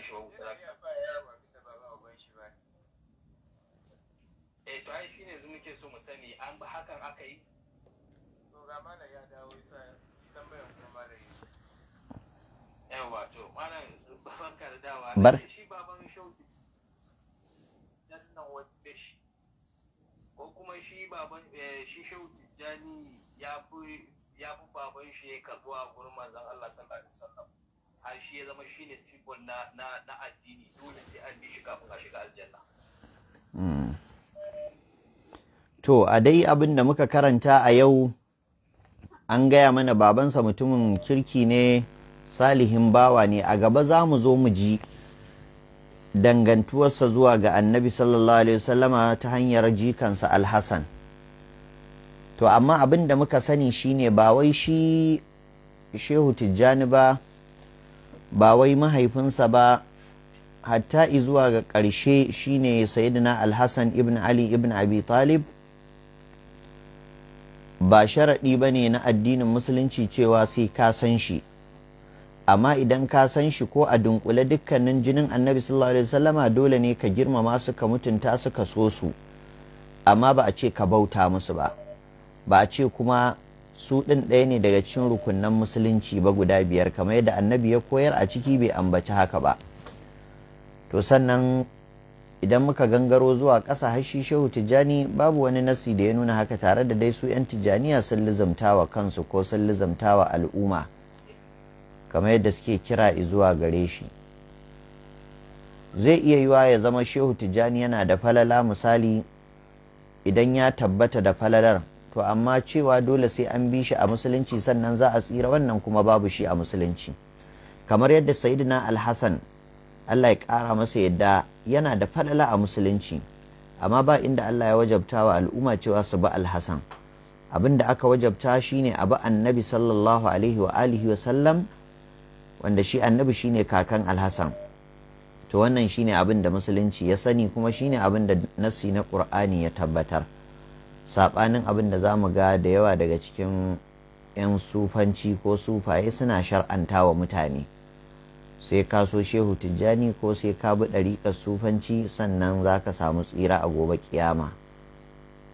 bashi shi ba eh to ai shine yanzu muke so mu sani an ba hakan aka yi to ga mana ya dawo yasa kuma yi yawa to da dawa bar shi baban shi ko kuma shi baban eh, shi jani ya fi ya fi baban shi ya karbuwa gurin manzon Allah sallallahu alaihi wasallam a shi ya zama shine symbol na na addini dole sai an bi shi kafin a shiga aljanna hmm. to a dai abin da muka karanta a yau an gaya mana babansa mutumin kirki ne salihin bawa ne a gaba za mu zo mu ji dangantuwarsa zuwa ga annabi sallallahu alaihi wasallama ta hanyar jikansa alhassan to amma abin da muka sani shine ba wai shi shehu tijjani ba ba wai mahaifinsa ba hatta izuwa ga ƙarshe shine sayyidina alhassan ibn ali ibn abi talib ba sharaɗi ba ne na addinin musulunci cewa sai ka san shi amma idan ka san shi ko a dunkule dukkanin jinin annabi sallallahu alaihi wasallama dole ne ka girmama su ka mutunta su ka so su amma ba a ce ka bauta musu ba ba a ce kuma su ɗin ɗaya ne daga cikin rukunan musulunci ba guda biyar kamar yadda annabi ya koyar a ciki bai ambaci haka ba to sannan idan muka gangaro zuwa ƙasa hashi shehu tijjani babu wani nasi da ya nuna haka tare da dai su 'yan tijjaniya sun lizamtawa kansu ko sun lizamtawa al'umma kamar yadda suke kira izuwa gare shi zai iya yiwa ya zama shehu tijjani yana da falala misali idan ya tabbata da falalar to amma cewa dole sai an bi shi a musulunci sannan za a tsira wannan kuma babu shi a musulunci kamar yadda sayyidina alhassan allah ya ƙara masa yadda yana da falala a musulunci amma ba inda allah ya wajabta wa al'umma cewa su bi alhassan abin da aka wajabta shine abu annabi sallallahu alaihi wa alihi wa sallam wanda shi annabi shine kakan alhassan to wannan shine abin da musulunci ya sani kuma shine abin da nassi na qur'ani ya tabbatar saɓanin abin da za mu ga da yawa daga cikin 'yan sufanci ko sufaye suna shar'anta wa mutane sai ka so shehu tijjani ko sai ka bi ɗariƙar sufanci sannan za ka samu tsira a gobe kiyama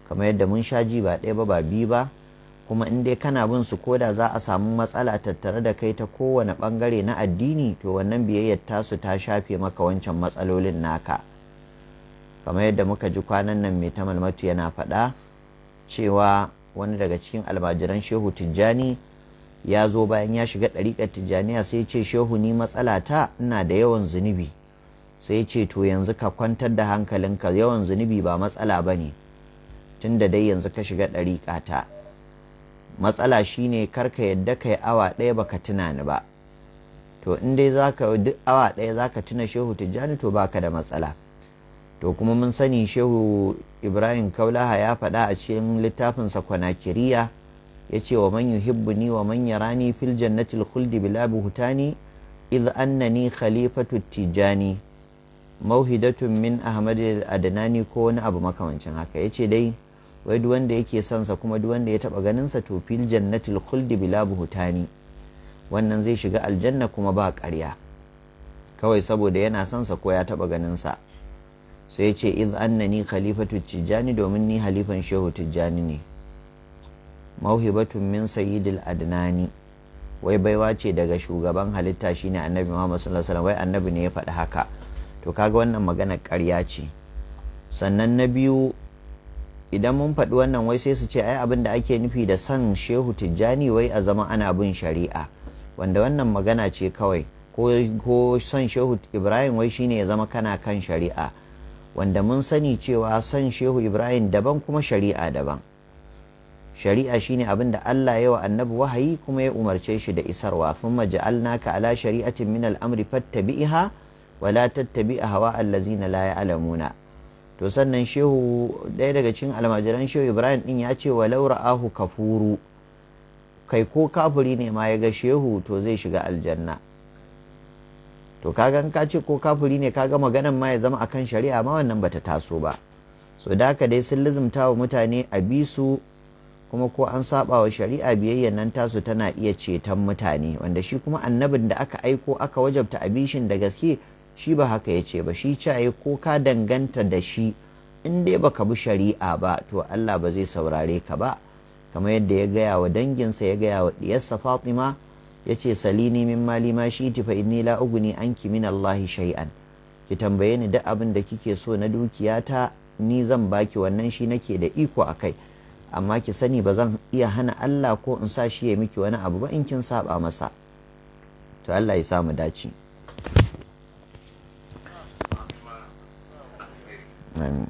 kamar yadda mun sha ji ba ɗaya ba ba biyu ba kuma in dai kana bin su ko da za a samu matsala tattare da kai ta kowane ɓangare na addini to wannan biyayyar tasu ta shafe maka wancan matsalolin naka kamar yadda muka ji kwanan nan mai ta malmatu yana faɗa cewa wani daga cikin almajiran shehu tijjani ya zo bayan ya shiga ɗariƙar tijjaniya sai ce shehu ni matsala ta ina da yawan zunubi sai ce to yanzu ka kwantar da hankalinka yawan zunubi ba matsala ba ne tun da dai yanzu ka shiga ɗariƙa ta matsala shine kar ka yadda ka yi awa ɗaya ba baka ni ba to in dai duk awa ɗaya za ka tuna shehu tijjani to baka da matsala to kuma mun sani shehu ibrahim kaulaha ya faɗa a cikin littafinsa kwanakiriya ya ce wa man ni wa man rani fil jannatil khuldi bila buhutani iz annani khalifatu tijani mauhidatun min ahmad adnani ko wani abu makamancin haka yace dai wai duk wanda yake son sa kuma duk wanda ya taba ganin sa to fil jannatil khuldi bila buhutani wannan zai shiga aljanna kuma ba ƙarya kawai saboda yana son sa ko ya taba ganin sa sai ce iz annani khalifatu tijjani domin ni halifan shehu tijjani ne mauhibatun min sayyidil adnani wai baiwa ce daga shugaban halitta shine annabi Muhammad sallallahu alaihi wai annabi ne ya faɗi haka to kaga wannan magana ƙarya ce sannan na biyu idan mun faɗi wannan wai sai su ce ai abin da ake nufi da san shehu tijjani wai a zama ana bin shari'a wanda wannan magana ce kawai ko son shehu ibrahim wai shine ya zama kana kan shari'a wanda mun sani cewa san shehu ibrahim daban kuma shari'a daban shari'a shine abin da Allah ya wa annabi wahayi kuma ya umarce shi da isarwa thumma ka ala shari'atin min al-amri fattabi'ha wa la tattabi' hawa allazina la ya'lamuna to sannan shehu ɗaya daga cikin almajiran shehu Ibrahim din ya ce walau ra'ahu kafuru kai ko kafuri ne ma ya ga shehu to zai shiga aljanna to kaga gan ka ce ko kafuri ne ka ga maganan ma ya zama akan shari'a ma wannan bata taso ba so da haka dai sun lizumta wa mutane a bi su kuma ko an saba wa shari'a biyayyan nan tasu tana iya ceton mutane wanda shi kuma annabin da aka aiko aka wajabta a bishin da gaske shi ba haka ya ce ba shi caye ko ka danganta da shi in dai baka bi shari'a ba to Allah ba zai saurare ka ba kamar yadda ya gaya wa danginsa ya gaya wa diyarsa Fatima yace salini min mali ma shi fa inni la uguni anki min Allahi shay'an ki tambaye ni duk abin da kike so na dukiyata ni zan baki wannan shi nake da iko a kai amma ki sani ba zan iya hana Allah ko in sa shi ya miki wani abu ba in kin saba masa to Allah ya samu dace amin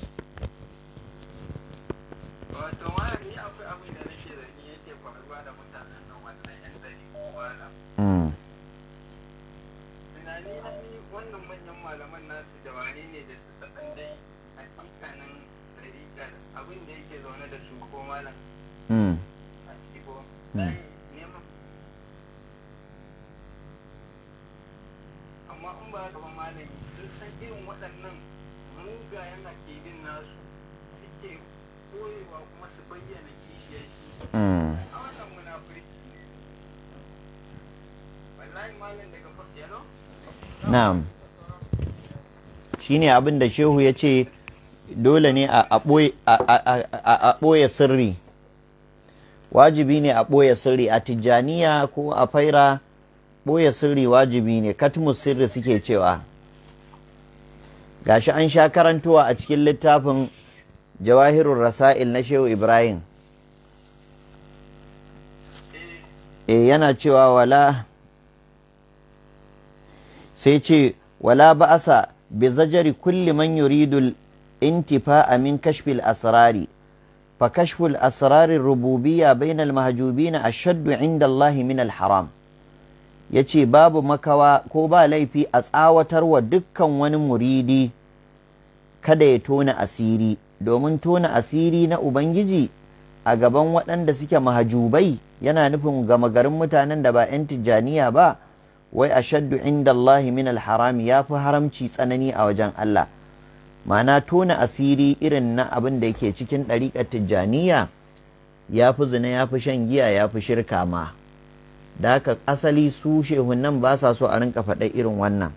shine abin da shehu ya ce dole ne a ɓoye sirri wajibi ne a ɓoye sirri a tijjaniya ko a faira ɓoye sirri wajibi ne katmus sirri suke cewa gashi an sha karantowa a cikin littafin jawahirun rasa'il na shehu ibrahim e yana cewa wala sai ce wala ba'asa bi zajari kulli man yuridu intifa'a min kashfil asrari fa kashful asrari rububiyya bainal mahjubina a inda Allah min al haram yace babu makawa ko ba laifi a tsawatarwa dukkan wani muridi kada ya tona asiri domin tona asiri na ubangiji a gaban waɗanda suke mahajubai yana nufin gama garin mutanen da ba 'yan tijjaniya ba wai ashaddu inda Allah min haram ya fi haramci tsanani a wajen Allah ma'ana tona asiri irin na abin da yake cikin ɗariƙar tijjaniya ya fi zina ya fi shan giya ya fi shirka ma da haka asali su nan ba sa so a rinka faɗa irin wannan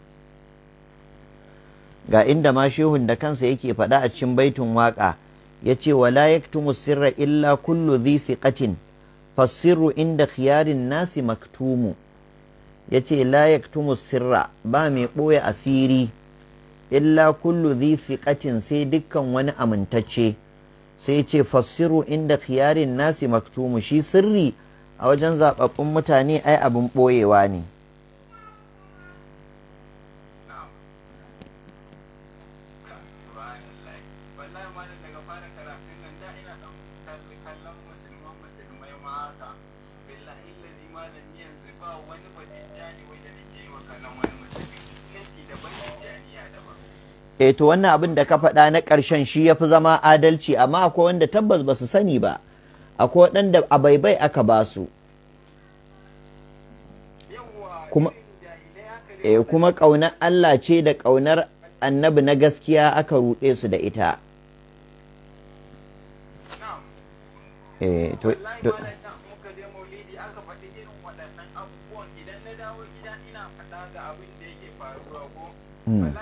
ga inda ma shehun da kansa yake faɗa a cikin baitun waƙa ya ce wala yaktumu sirra illa kullu dhi siqatin fasirru inda khiyarin nasi maktumu ya ce layak sirra ba mai ɓoye asiri illa kullu zai sai dukkan wani amintacce sai ce fassiru inda khiyarin nasi maktumu shi sirri a wajen zaɓaɓɓun mutane ai abin ɓoyewa ne Eto, eh, to wannan abin da ka faɗa na ƙarshen shi ya fi zama adalci amma akwai wanda tabbas ba su sani ba akwai waɗanda a baibai aka ba su kuma eh, kuma ƙaunar Allah ce da ƙaunar annabi na gaskiya aka ruɗe su da ita Mm.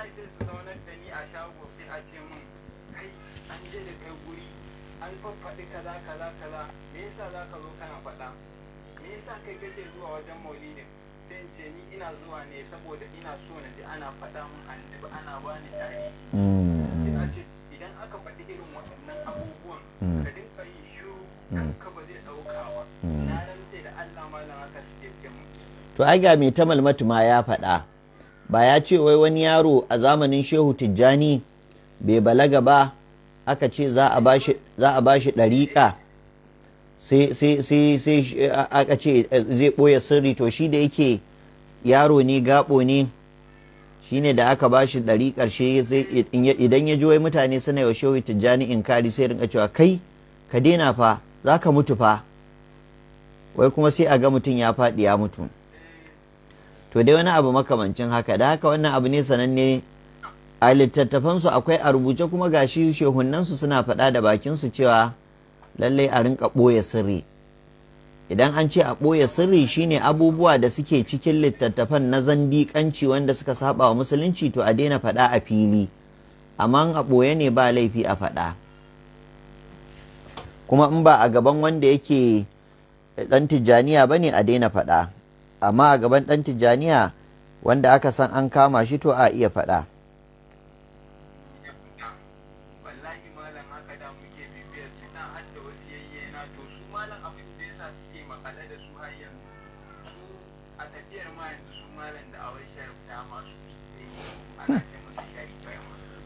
Mm, idan aka faɗi irin mm. yi mm. kanka ba to ai ga mai ta malmatu ma ya faɗa ba ya ce wai wani yaro a zamanin shehu tijjani bai balaga ba aka ce za a ba shi ɗariƙa sai aka ce eh, zai ɓoye sirri to shi da yake yaro ne gaɓo ne shine da aka bashi ɗari ƙarshe idan ya ji wai mutane suna yau shehu tijjani in kari sai rinka cewa kai ka daina fa za ka mutu fa wai kuma sai a ga mutum ya faɗi ya mutu to dai wani abu makamancin haka da haka wannan abu ne sananne a littattafansu akwai a rubuce kuma gashi shehunnansu suna faɗa da bakin su cewa lallai a rinka ɓoye sirri idan an ce a ɓoye sirri shine abubuwa da suke cikin littattafan na zandikanci wanda suka saba wa musulunci to a daina faɗa a fili amma a ɓoye ne ba laifi a faɗa kuma in ba a gaban wanda yake ɗan tijjaniya ba ne a daina faɗa amma a gaban ɗan tijjaniya wanda aka san an kama shi to a iya faɗa to su malam abin da yasa suke makale da su har yanzu su a tafiyar ma yanzu su malam da awai sharif masu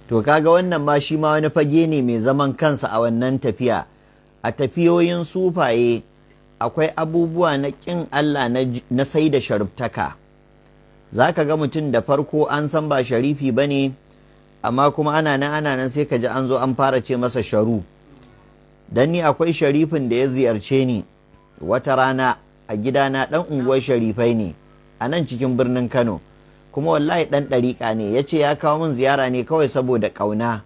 to kaga wannan ma shi ma wani fage ne mai zaman kansa a wannan tafiya a tafiyoyin sufaye akwai abubuwa na ƙin Allah na sai da sharuftaka za ka ga mutum da farko an san ba sharifi ba ne amma kuma ana nan ana nan sai ka ji an zo an fara ce masa sharu don ni akwai sharifin da ya ziyarce ni wata rana a gidana ɗan unguwar sharifai ne a nan cikin birnin kano kuma wallahi ɗan ɗariƙa ne ya ce ya kawo min ziyara ne kawai saboda ƙauna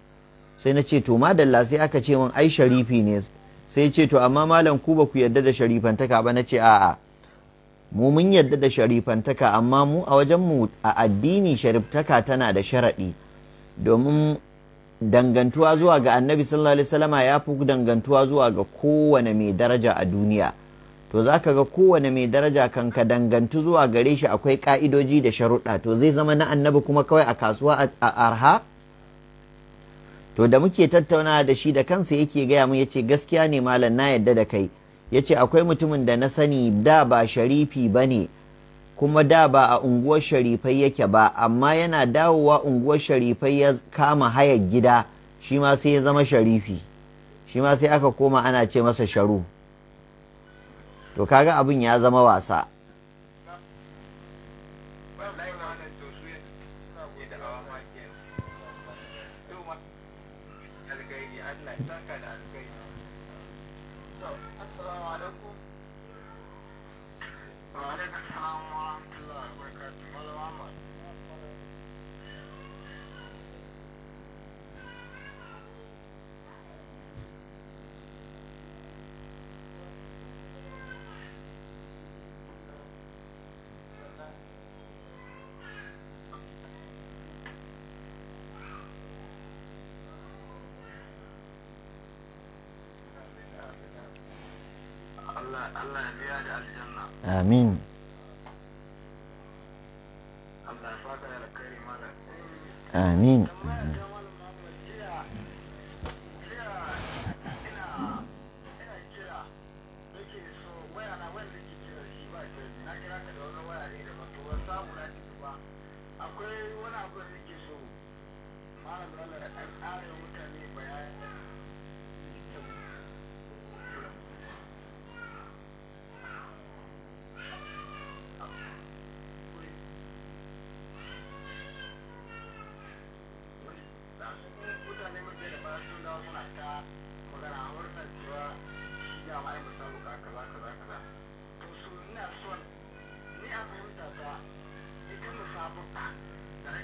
sai na ce to madalla sai aka ce min ai sharifi ne sai ce to amma malam ku ba ku yarda da sharifantaka ba na ce a'a mu mun yadda da sharifantaka amma mu a wajen mu a addini sharifantaka tana da sharaɗi domin dangantuwa zuwa ga annabi sallallahu alaihi wasallama ya fi dangantuwa zuwa ga kowane mai daraja a duniya to za ka ga kowane mai daraja kan ka dangantu zuwa gare shi akwai ka'idoji da sharuɗa to zai zama na annabi kuma kawai a kasuwa a arha to da muke tattauna da shi da kansa yake gaya mu yace gaskiya ne malam na yadda da kai yace akwai mutumin da na sani da ba sharifi bane ne kuma da ba a unguwar sharifai yake ba amma yana dawowa unguwar sharifai ya kama hayar gida shi ma sai ya zama sharifi shi ma sai aka koma ana ce masa sharu to kaga abin ya zama wasa آمين آمين dawo suna ta magana a murnar cewa ya ma da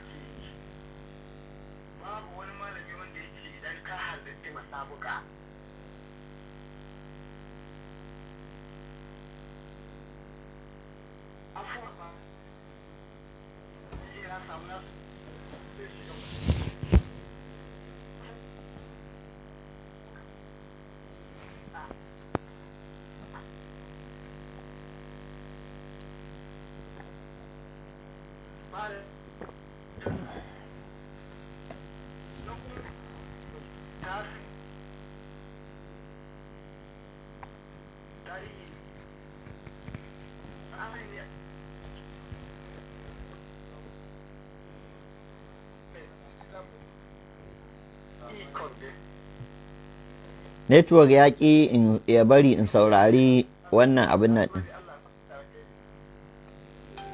wani malami wanda yake idan ka halarci musabuka network ya ƙi ya bari in saurari wannan abin nan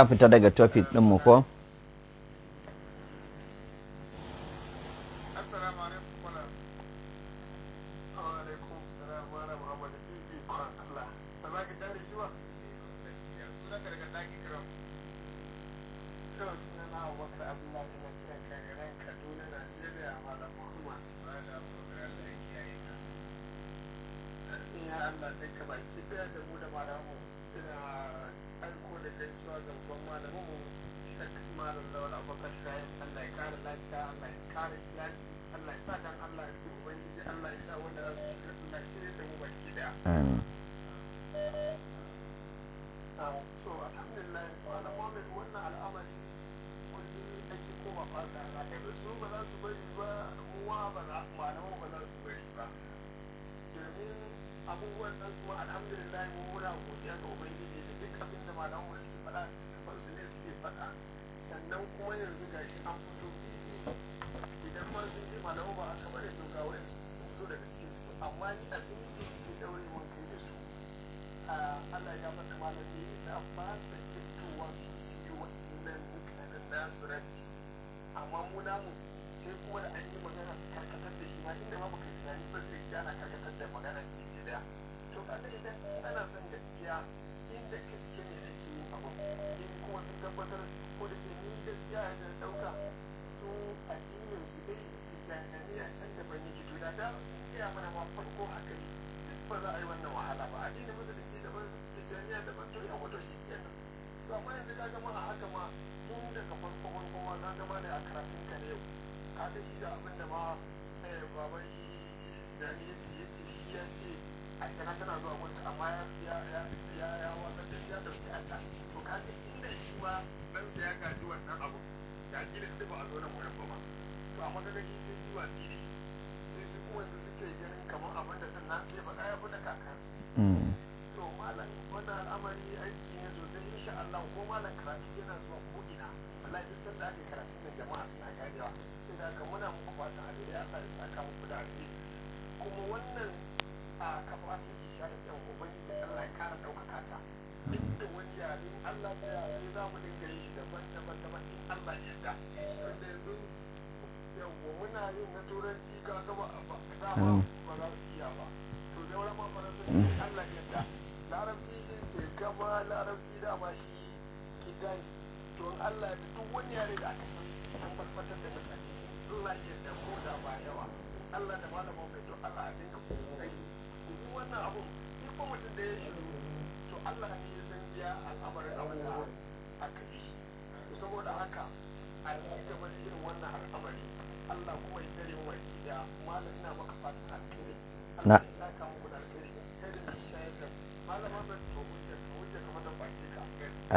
ya fita daga topic ɗinmu ko? abubuwan nan su alhamdulillah mun muna godiya ga ubangiji da duk abin da malamu suke faɗa littafan su ne suke faɗa sannan kuma yanzu shi an fito fili idan ma sun ce malamu ba haka bane da ga wani sun fito daga cikin su amma ni abin da yake daure mun kai da su Allah ya fata malam da sa ba sa kintowa su su yi waɗannan mutanen nasu rabbi amma mu sai kuma da an yi magana su karkatar da shi ma inda ma baka tunani ba sai ana karkatar da magana ke gida to kaga idan ana son gaskiya inda gaske ne ake yin abu in kuma sun tabbatar ko da ke ni gaskiya da ɗauka su addinin su dai a can da ban yake to da da sun gaya mana ma farko haka ne duk ba za a yi wannan wahala ba addinin musulunci daban da daban to yawa to shi kenan to amma yanzu ka gama a haka ma tun daga farko farko ma ka gama ne a karatun ka ne yau ka ga shi da abin da ma eh, baban shi ya ya ya ce tana zuwa gunta amma ya ya ya ya wannan da ya dauki Allah to kaga inda shi ma dan sa gaji wannan abu ba a zo nan wurin shi sai sai kamar abin kakansu to malam wannan al'amari aiki ne sosai insha Allah ko malam karatu yana zuwa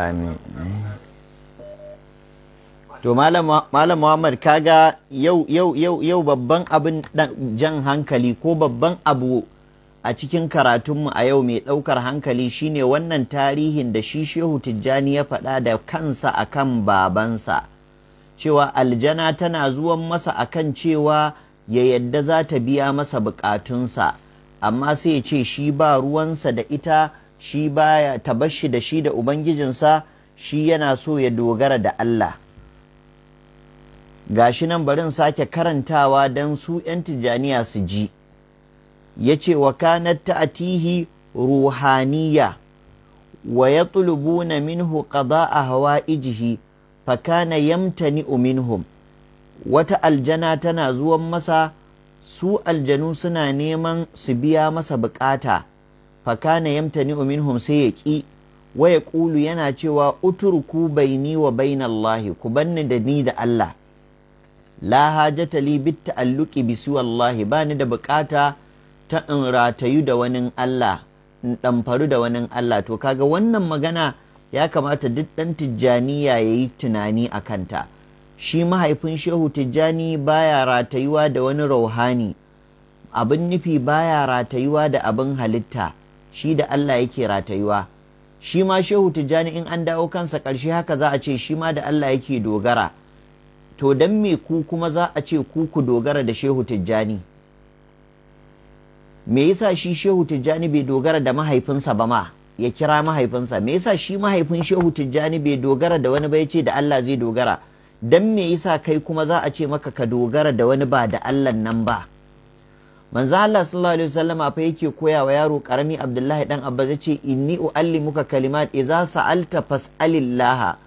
amin to malam muhammad kaga yau yau yau yau babban abin jan hankali ko babban abu a cikin karatunmu a yau mai ɗaukar hankali shine wannan tarihin da shi shehu tijjani ya faɗa da kansa akan babansa cewa aljana tana zuwan masa akan cewa ya yadda za ta biya masa bukatunsa amma sai ya ce shi ba ruwansa da ita shi baya tabashi da shi da ubangijinsa shi yana so ya dogara da Allah gashi nan barin sake karantawa don su 'yan tijjaniya su ji ya ce wa kanar ta'atihi ruhaniya wa ya na minhu qada'a hawa'ijihi fa kana yamtani'u uminhum wata aljana tana zuwan masa su aljanu suna neman su biya masa bukata fakana yamtani minhum sai ya ƙi Waya Kulu ƙulu yana cewa uturku baini wa bainallahi ku banni da ni da Allah la hajata li bit ta'alluqi bi suwallahi bani da bukata ta in ratayu da wani Allah in ɗamfaru da wani Allah to kaga wannan magana ya kamata duk ɗan tijjaniya yayi tunani a kanta shi mahaifin shehu tijjani baya ratayuwa da wani rauhani abin nufi baya ratayuwa da abin halitta shi da Allah yake ratayuwa shi ma shehu tijjani in an dawo kansa ƙarshe haka za a ce shi ma da Allah yake dogara to don me ku kuma za a ce ku ku dogara da shehu tijjani me yasa shi shehu tijjani bai dogara da mahaifinsa ba ma ya kira mahaifinsa me yasa shi mahaifin shehu tijjani bai dogara da wani ba ya ce da Allah zai dogara dan me yasa kai kuma za a ce maka ka dogara da wani ba da Allah nan ba manzo Allah sallallahu alaihi wasallam fa yake koya wa yaro karami Abdullahi dan Abba yace inni uallimuka kalimat idza sa'alta fas'alillah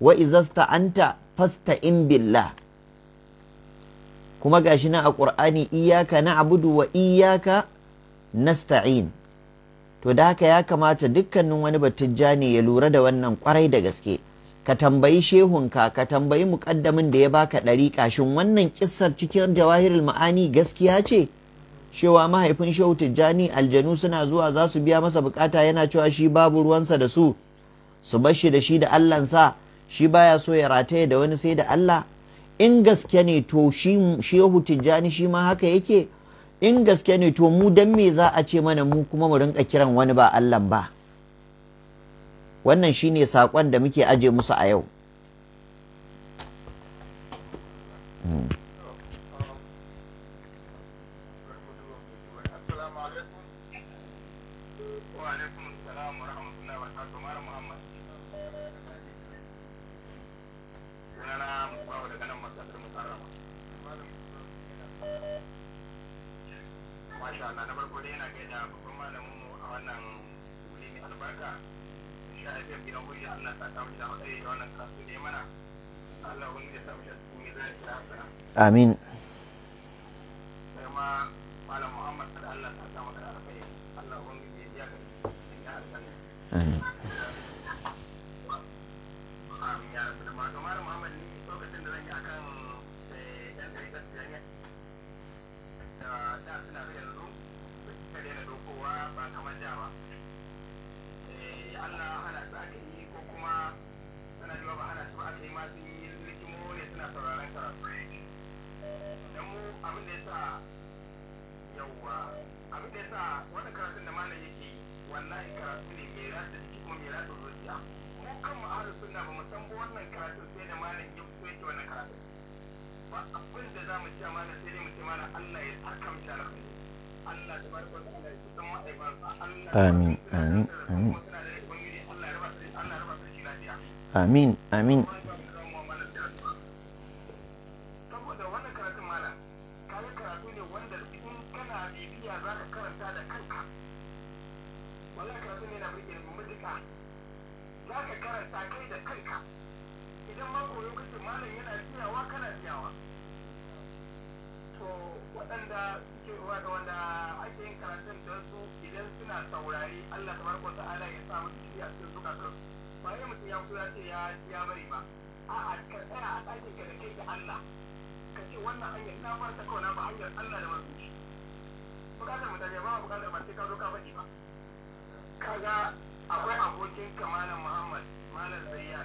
wa idza sta'anta fasta'in billah kuma gashi nan a Qur'ani iyyaka na'budu wa iyyaka nasta'in to da haka ya kamata dukkanin wani ne ya lura da wannan kwarai da gaske ka tambayi shehunka ka tambayi mukaddamin da ya baka ɗari kashin wannan kissar cikin jawahirul ma'ani gaskiya ce cewa mahaifin shehu tijjani aljanu suna zuwa za su biya masa bukata yana cewa shi babu ruwansa da su su bar shi da shi da allansa shi baya so ya rataye da wani sai da allah in gaske ne to shehu tijjani shi ma haka yake in gaske ne to mu dan me za a ce mana mu kuma mu rinka kiran wani ba allan ba wannan shine saƙon da muke aje musu a yau. Hmm. amin amin amin amin amin amin amin kaga akwai abokin ka malam muhammad malam zayyan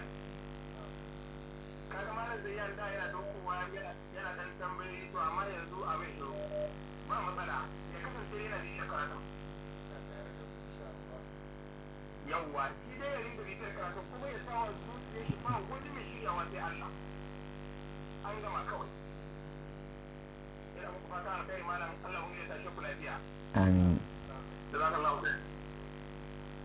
kaga malam zayyan da yana dokowa yana dan tambayi to amma yanzu a mai shiru ba matsala ya kasance yana da shekaratun yawwa shi dai ya da bitar karatu kuma ya sawa zuciya shi ba wani mai shiryawa sai allah an gama kawai ina muku fata a kai malam allah mu ya tashi ku lafiya amin jazakallahu khair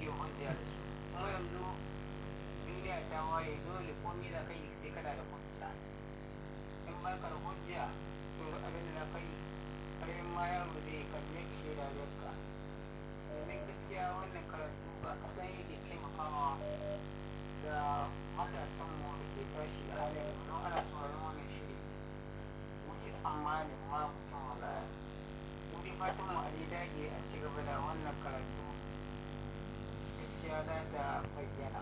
ke hujja da su kuma yanzu duniya ta waye dole komi da kai sai kana da hujja in ba ka da hujja to abin da kai yin ma yaro zai yi ki da yarka domin gaskiya wannan karatu ba kaɗan yake taimakawa da matasan mu da ke tashi a halin mu ana tsoron wannan shiri wuce tsammanin ma mutum wala mu dai fatan mu a dai dage a cigaba da wannan karatu زيادات بينة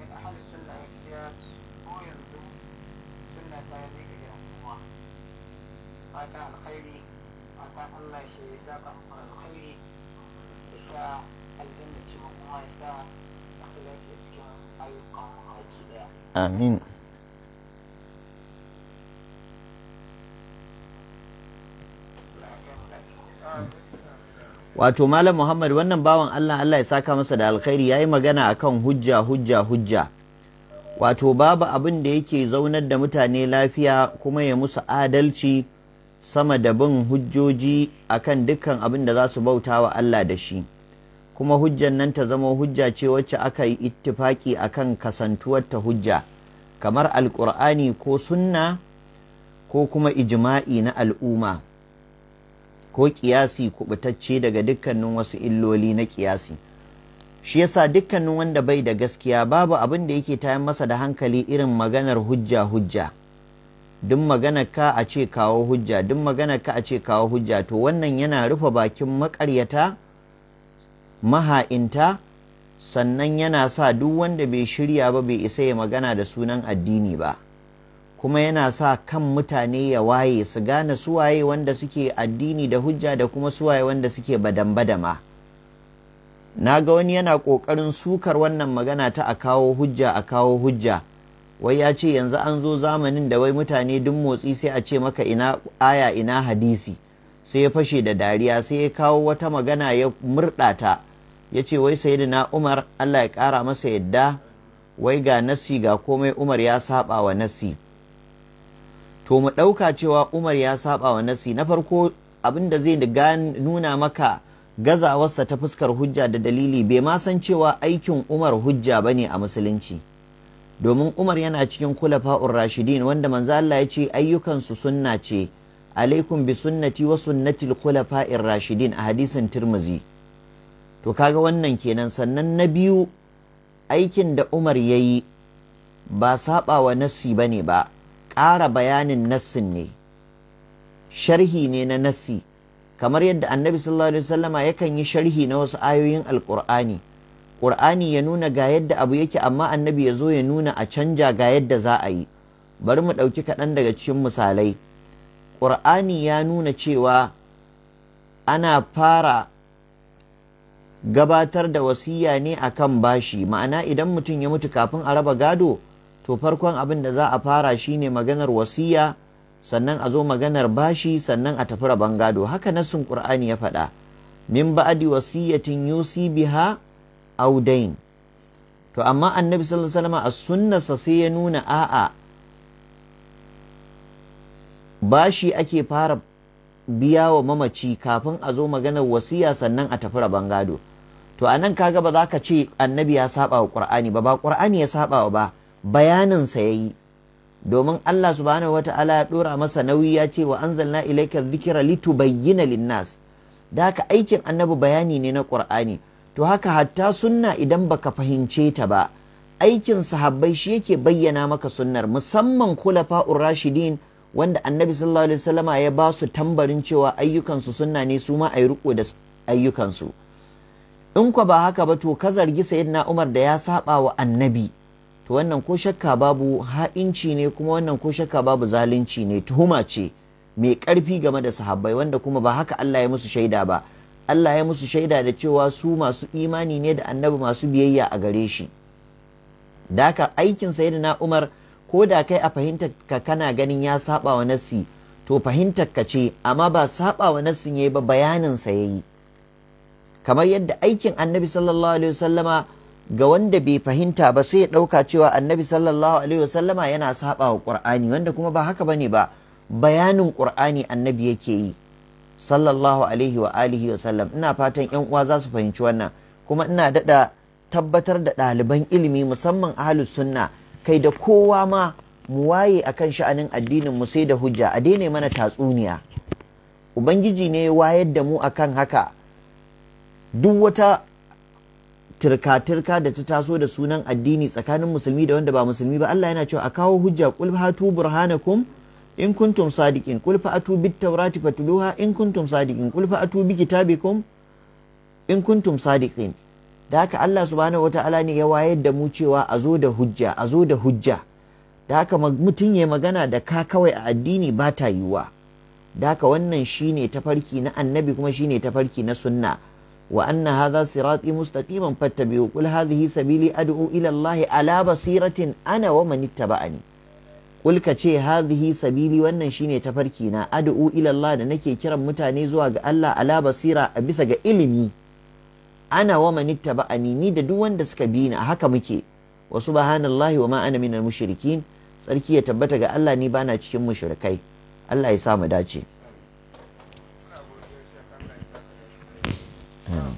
من أهل السنة والقياس هو يلزم سنة هذه الأمة قاتل الخير قاتل الله شيء ساقه الخير إساء الجنة وما إساء أخلاق الإسكان أيقام أجدا آمين wato malam muhammad wannan bawan allah allah ya saka masa da alkhairi ya yi magana akan hujja hujja hujja wato babu abin da yake zaunar da mutane lafiya kuma ya musu adalci sama da bin hujjoji akan dukkan abin da za su bauta wa allah da shi kuma hujjan nan ta zama hujja ce wacce aka yi ittifaki akan kasantuwar ta hujja kamar alkur'ani ko sunna ko kuma Ijima'i na al'umma ko kiyasi kubutacce daga dukkanin wasu illoli na kiyasi shi yasa dukkanin wanda bai da gaskiya babu abin da yake tayan masa da hankali irin maganar hujja hujja duk magana ka a ce kawo hujja duk magana ka a ce kawo hujja to wannan yana rufe bakin makaryata maha'inta sannan yana sa duk wanda bai shirya ba bai isa ya magana da sunan addini ba kuma yana sa kan mutane ya waye su gane suwaye wanda suke addini da hujja da kuma suwaye wanda suke badan-badama na ga wani yana ƙoƙarin sukar wannan magana ta a kawo hujja a kawo hujja wai ya ce yanzu an zo zamanin da wai mutane duk motsi sai a ce maka ina aya ina hadisi sai ya fashe da dariya sai ya kawo wata magana ya murɗa ta ya ce wai sayyidina umar allah ya kara masa yadda wai ga nasi ga komai umar ya saba wa nasi to mu ɗauka cewa umar ya saba wa nasi na farko abin da zai nuna maka gazawarsa ta fuskar hujja da dalili bai ma san cewa aikin umar hujja ne a musulunci domin umar yana cikin kula fa'ur rashidin wanda manzo Allah ya ce ayyukansu sunna ce alaikum bi sunnati wa sunnatil khulafa'ir rashidin a hadisin tirmizi to kaga wannan kenan sannan na biyu aikin da umar ya yi ba saba wa ba bane ba ƙara bayanin nassin ne sharhi ne na nassi kamar yadda annabi sallallahu alaihi wasallama yakan yi sharhi na wasu ayoyin alƙur'ani ƙur'ani ya nuna ga yadda abu yake amma annabi ya zo ya nuna a canja ga yadda za a yi bari mu ɗauki kaɗan daga cikin misalai ƙur'ani ya nuna cewa ana fara gabatar da wasiya ne akan bashi ma'ana idan mutum ya mutu kafin a raba gado to farkon abin da za a fara shine maganar wasiya sannan a zo maganar bashi sannan a tafi rabon gado haka nassun qur'ani ya faɗa min ba'di wasiyatin yusi biha aw dain to amma annabi sallallahu alaihi wasallam a sunnarsa sai ya nuna a'a bashi ake fara biya wa mamaci kafin a zo maganar wasiya sannan a tafi rabon gado to anan kaga ba za ka ce annabi ya saba wa qur'ani ba ba qur'ani ya saba wa ba bayaninsa ya yi domin Allah subhanahu wa ta'ala ya ɗora masa nauyi ya ce wa anzalna ilaika dhikra litubayyana linnas da haka aikin annabi bayani ne na Qur'ani. to haka hatta sunna idan baka fahimce ta ba aikin sahabbai shi yake bayyana maka sunnar musamman khulafa'ur rashidin wanda annabi sallallahu alaihi wasallama ya ba su tambarin cewa ayyukansu sunna ne su ma ayi riko da ayyukansu in kwa ba haka ba to ka zargi sayyidina Umar da ya saba wa annabi to wannan ko shakka babu ha'inci ne kuma wannan ko shakka babu zalunci ne tuhuma ce mai ƙarfi game da sahabbai wanda kuma ba haka Allah ya musu shaida ba Allah ya musu shaida da cewa su masu imani ne da annabi masu biyayya a gare shi daka aikin sayyidina Umar ko da kai a fahimtar ka kana ganin ya saba wa nassi to fahimtar ka ce amma ba saba wa nassin yayi ba bayanin sa yayi kamar yadda aikin annabi sallallahu alaihi wasallama ga wanda bai fahimta ba sai ya ɗauka cewa annabi sallallahu alaihi wasallama yana saba wa ƙur'ani wanda kuma ba haka bane ba bayanin ƙur'ani annabi yake yi sallallahu alaihi wa alihi wasallam ina fatan yan uwa za su fahimci wannan kuma ina daɗa tabbatar da ɗaliban ilimi musamman ahlus sunna kai da kowa ma mu waye akan sha'anin addinin mu sai da hujja a daina mana tatsuniya ubangiji ne ya wayar da mu akan haka duk wata tirka-tirka da ta taso da sunan addini tsakanin musulmi da wanda ba musulmi ba Allah yana cewa a kawo hujja kul hatu burhanakum in kuntum sadiqin kul fatu bit tawrati fatluha in kuntum sadiqin kul fatu bi kitabikum in kuntum sadiqin da haka Allah subhanahu wata'ala ne ya wayar da mu cewa a zo da hujja a zo da hujja da haka mutum ya magana da ka kawai a addini ba ta yiwuwa da haka wannan shine tafarki na annabi kuma shine tafarki na sunna wa za su ratsi musu fattabi'u fattabiyu. Kula haɗu ha sabili adu'u ilallahi ala basiratin. Ana waman ita ba'ani. Kulka ce haɗu sabili. Wannan shine tafarki na farkina. Adu'u ilallai da nake kiran mutane zuwa ga Allah ala basira. A bisa ga ilimi. Ana waman ita ba'ani. Ni da duk wanda suka bi ni A haka muke. Wasu bahanallahi wa ma'anamin musirikin. Sarki ya tabbata ga Allah ni bana cikin mushirikai. Allah ya sa mu dace. Yeah. Mm.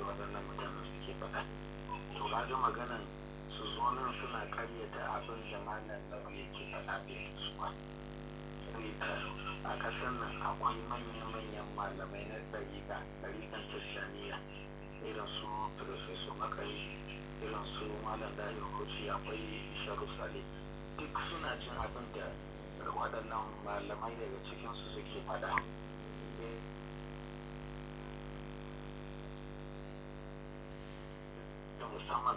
cuando musamman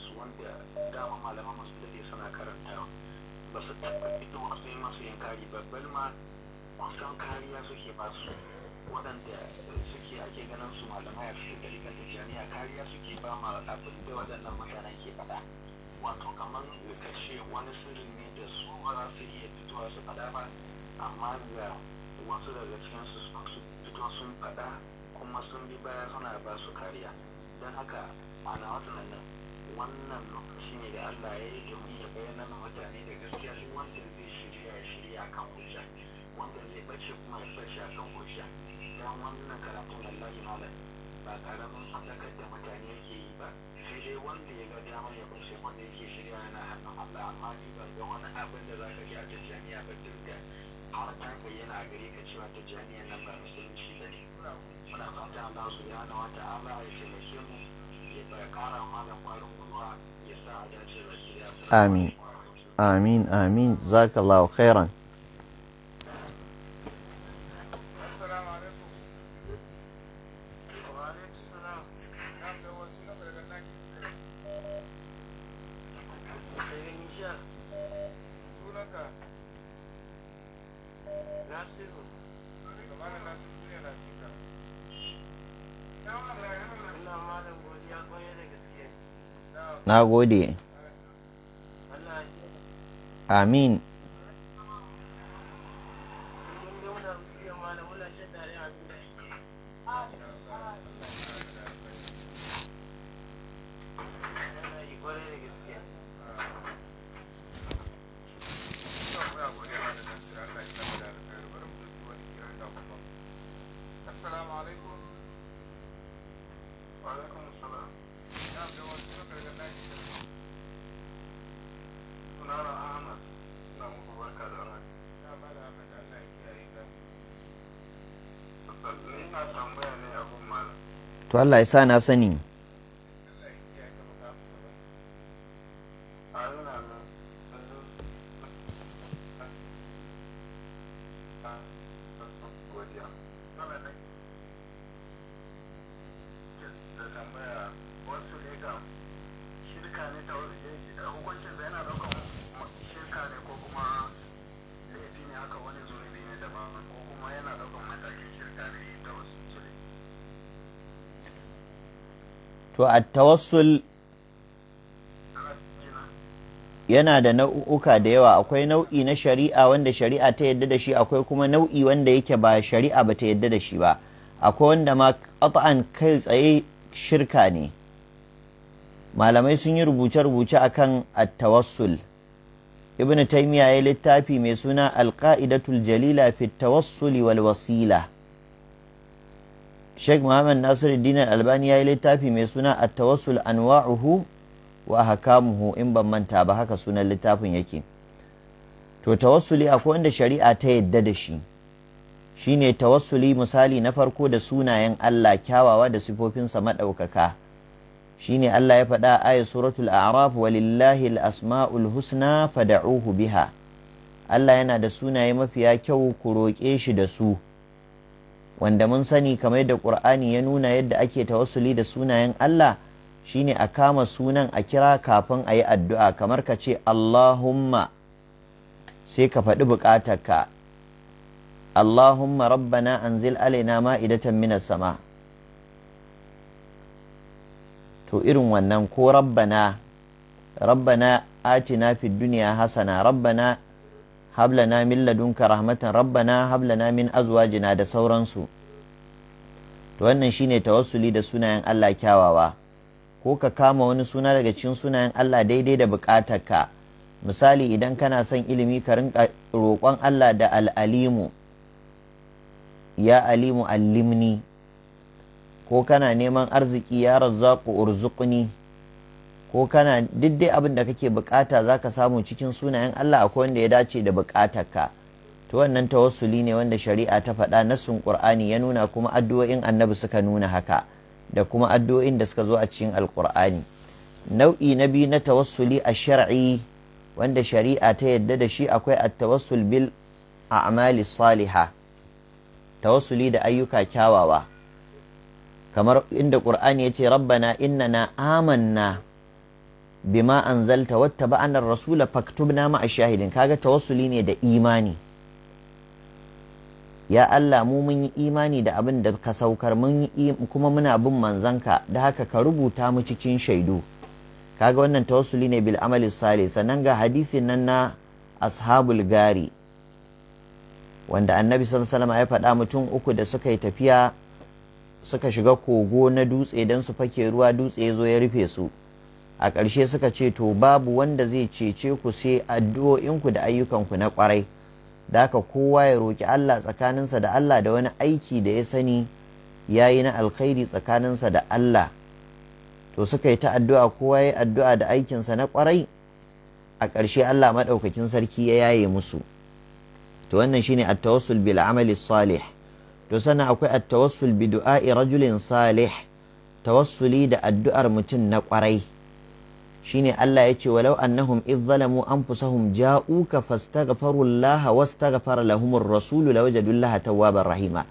su wanda dama malaman masu dade suna karanta ba su taɓa fito masu masu yin kari ba ma kusan kariya suke ba su waɗanda suke ake ganin su malamai fi da ɗarikan jami'a kariya suke ba ma abin da waɗannan mutanen ke faɗa wato kamar ka ce wani sirri ne da su ba za su iya fitowa su faɗa ba amma ga wasu daga cikinsu sun fito sun faɗa kuma sun bi baya suna ba su kariya don haka alawatu nan wannan lokaci ne da Allah ya yi domin ya bayyana mutane da gaskiya shi wanda zai shirya ya shirya kan hujja wanda zai bace kuma ya sace a kan hujja don wannan karatun na ya malam ba karamin sadakar da mutane yake yi ba sai dai wanda ya ga damar ya bace wanda yake shirya yana hannun Allah amma ni ban ga wani abin da za ka ji a jami'a ba dinka har ta bayyana a gare ka cewa ta jami'a nan ba musulunci ba ne muna fata Allah subhanahu wata ta'ala ya shirya آمين آمين آمين جزاك الله خيرا na gode amin to Allah ya sa na sani tawassul yana da nau'uka da yawa akwai nau'i na shari'a wanda shari'a ta yadda da shi akwai kuma nau'i wanda yake ba shari'a ba ta yadda da shi ba akwai wanda ma qat'an kai tsaye shirka ne malamai sun yi rubuce-rubuce akan at-tawassul ibnu taymiya ya littafi mai suna al-qa'idatul jalila fi at-tawassuli wal wasila Sheikh Muhammad Nasiru, dinar Albani ya yi littafi mai suna a tawassul Anwa'uhu wa hakamuhu in ban manta ba haka sunan littafin yake. To tawassuli akwai wanda shari'a ta yadda da shi. Shine tawassuli misali na farko da sunayen Allah kyawawa da sifofinsa maɗaukaka. Shine Allah ya faɗa a suratul A'raf walillahi al-asma'ul husna fad'uhu biha. Allah yana da sunaye mafiya kyau ku roƙe shi da su. wanda mun sani kamar da ƙur'ani ya nuna yadda ake ta wasuli da sunayen Allah shine a kama sunan a kira kafin a yi addu'a kamar ka ce Allahumma sai ka faɗi buƙatarka Allahumma rabbana anzil alaina ma'idatan minas sama to irin wannan ko rabbana rabbana atina fid duniya hasana rabbana hablana min ladunka rahmatan rabbana hablana min azwajina da sauransu to wannan shine tawassuli da sunayen Allah kyawawa ko ka kama wani suna daga cikin sunayen Allah daidai da bukatarka misali idan kana son ilimi ka rinka roƙon Allah da al'alimu ya alimu allimni ko kana neman arziki ya razzaqu urzuqni ko kana duk abin da kake bukata zaka samu cikin sunayen Allah akwai wanda ya dace da bukatarka to wannan tawassuli ne wanda shari'a ta faɗa nasun Qur'ani ya nuna kuma addu'o'in Annabi suka nuna haka da kuma addu'o'in da suka zo a cikin Alƙur'ani nau'i na biyu na tawassuli a shar'i wanda shari'a ta yadda da shi akwai at-tawassul bil a'mali Saliha, tawassuli da ayyuka kyawawa kamar inda ƙur'ani ya ce rabbana innana amanna bima anzalta watta ba'anar rasula faktubna ma a shahidin kaga tawassuli ne da imani ya Allah mu mun yi imani da abin da ka saukar mun yi kuma muna bin manzanka da haka ka rubuta mu cikin shaidu kaga wannan tawassuli ne bil amali salih sannan ga hadisin nan na ashabul gari wanda annabi sallallahu ya faɗa mutum uku da suka yi tafiya suka shiga kogo na dutse don su fake ruwa dutse ya zo ya rufe su a ƙarshe suka ce to babu wanda zai cece ku sai addu'o'inku da ayyukanku na ƙwarai da haka kowa ya roki Allah tsakaninsa da Allah da wani aiki da ya sani ya yi na alkhairi tsakaninsa da Allah to suka yi ta addu'a kowa ya addu'a da aikinsa na ƙwarai a ƙarshe Allah maɗaukakin sarki ya yaye musu to wannan shine at-tawassul bil amali salih to sannan akwai at-tawassul bi du'a'i rajulin salih tawassuli da addu'ar mutum na ƙwarai shine Allah ya ce walau annahum idh zalamu anfusahum ja'uka fastaghfiru Allah wastaghfara lahumur rasul lawajadu Allah tawwabar rahima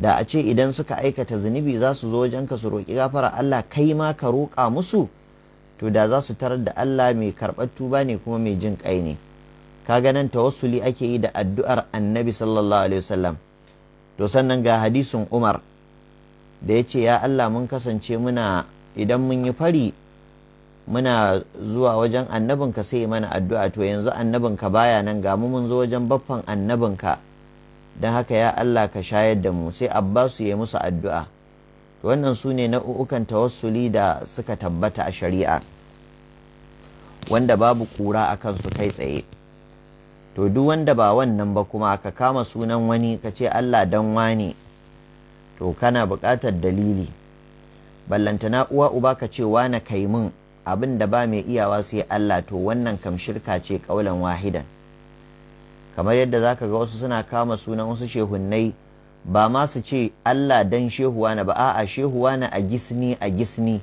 da a ce idan suka aikata zunubi za su zo wajenka su roƙi gafara Allah kai ma ka roƙa musu to da za su tarar da Allah mai karɓar tuba ne kuma mai jin ƙai ne kaga nan tawassuli ake yi da addu'ar annabi sallallahu alaihi wasallam to sannan ga hadisin Umar da ya ce ya Allah mun kasance muna idan mun yi fari muna zuwa wajen annabinka sai mana addu'a to yanzu annabinka baya nan ga mu mun zo wajen baffan annabinka don haka ya Allah ka shayar da mu sai Abbasu ya musu addu'a wannan su ne nau'ukan wasu da suka tabbata a shari'a wanda babu kura a kansu kai tsaye to duk wanda ba wannan ba kuma ka kama sunan wani ka ce Allah dan wani to kana buƙatar dalili ballantana uwa uba ka ce wane kai mun abin da ba mai iyawa yi Allah to wannan kam shirka ce kaulan wahidan kamar yadda za ka ga wasu suna kama sunan wasu shehunnai ba ma su ce Allah dan shehuwa na ba a'a shehuwa na a gisni a gisni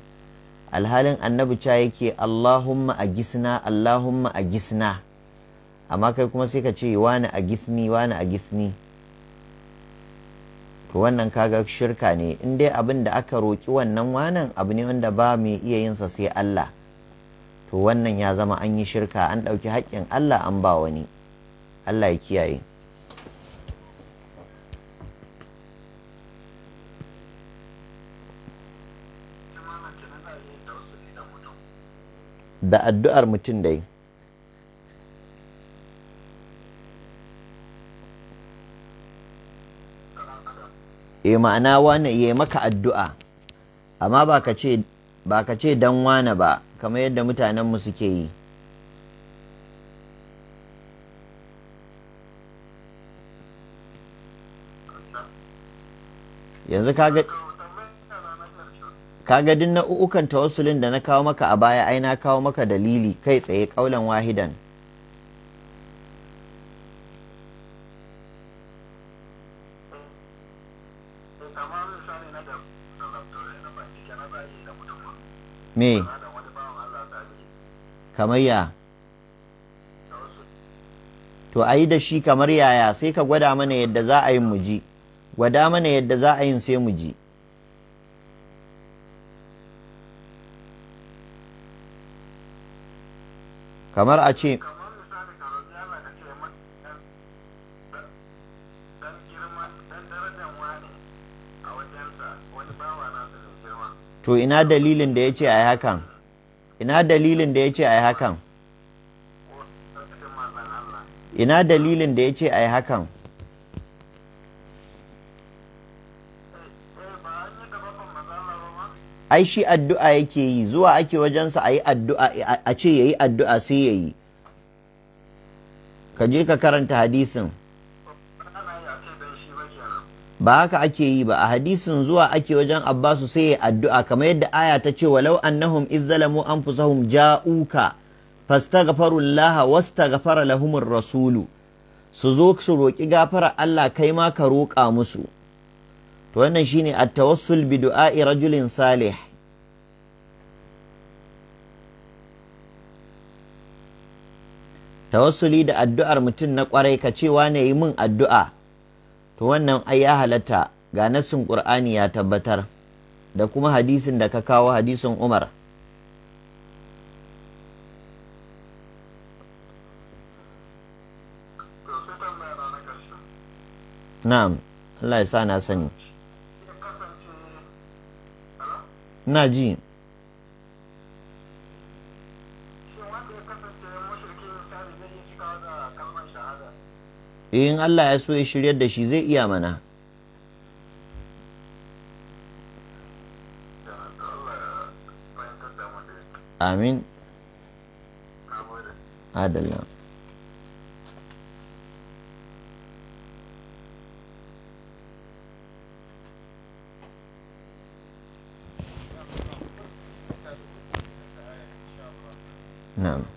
alhalin annabi ca yake Allahumma a gisna Allahumma a gisna amma kai kuma sai ka ce wani a gisni wani a gisni to wannan kaga shirka ne in dai abin da aka roƙi wannan wanan abu ne wanda ba mu iya yinsa sai Allah to wannan ya zama an yi shirka an ɗauki haƙƙin Allah an ba wani Allah ya kiyaye da addu'ar mutum dai e ma'ana wane ya maka addu'a amma ba ka ce don dan wane ba kamar yadda mutanenmu suke yi yanzu kaga ga duk na'u'ukan tawassulin da na kawo maka a baya ai na kawo maka dalili kai tsaye kaulan wahidan me kamar ya to a yi da shi kamar yaya sai ka gwada mana yadda za a yin muji. gwada mana yadda za a yin sai muji. kamar a ce to ina dalilin da ya ce a yi hakan ina dalilin da ya ce a yi hakan ina dalilin da ya ce a yi hakan ai shi addu'a yake yi zuwa ake wajensa a yi addu'a a ce ya yi addu'a sai ya yi ka je ka karanta hadisin ba haka ake yi ba a hadisin zuwa ake wajen abbasu sai ya addu'a kamar yadda aya ta ce wa walau annahum izzalamu anfusahum ja'uka fastaghfirullaha wastaghfara lahumur rasulu su zo su roƙi gafara Allah kai ma ka roƙa musu to wannan shine at-tawassul bi du'a'i rajulin salih tawassuli da addu'ar mutum na kwarai ka cewa ne yi min addu'a to wannan ai ya halatta ga nassin qur'ani ya tabbatar da kuma hadisin da ka kawo hadisin umar na'am Allah ya sa na sani ina ji in Allah ya so ya shiryar da shi zai iya mana amin adalla na'am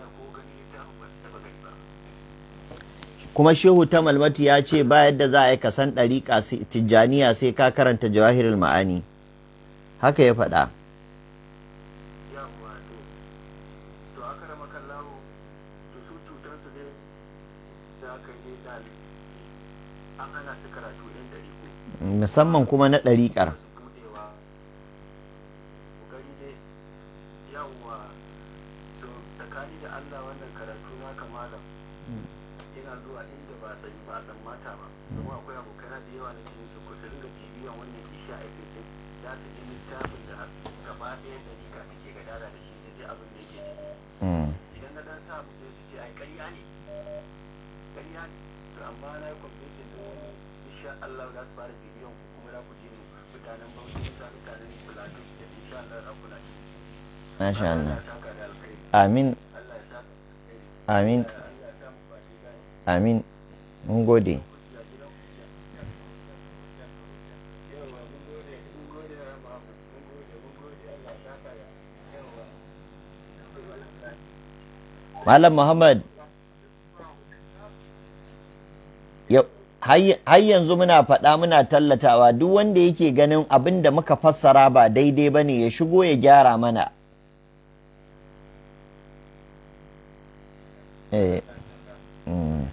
kuma shehu ta malmati ya ce ba yadda za a yi kasan ɗariƙa tijjaniya sai ka karanta jawahirul ma'ani haka ya faɗa musamman kuma na ɗariƙar to amma na yi kwamfesin da wani insha Allah za su fara bidiyon ku kuma za ku mu mutanen bauchi za da insha Allah za ku Allah. Amin. Amin. Amin. Mun gode. Malam Muhammad har yanzu muna faɗa muna tallatawa duk wanda yake ganin abin da muka fassara ba daidai ba ne ya shigo ya gyara mana eh. mm.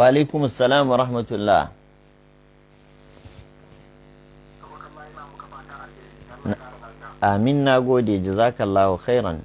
wa alaikum assalam wa rahmatullah amin na gode jazakallahu khairan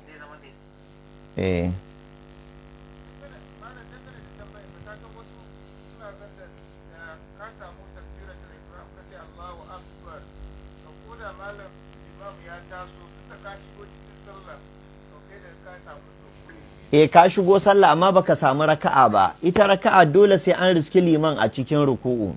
eh e ka shigo sallah amma baka samu raka'a ba ita raka'a dole sai an riski liman a cikin ruku'u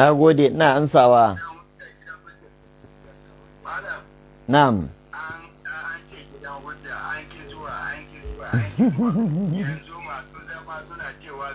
na gode ina ansawa na'am yanzu masu zama suna cewa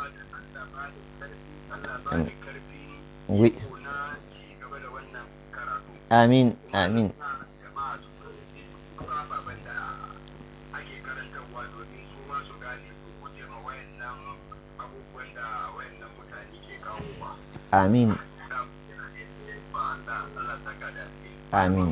amin amin amin amin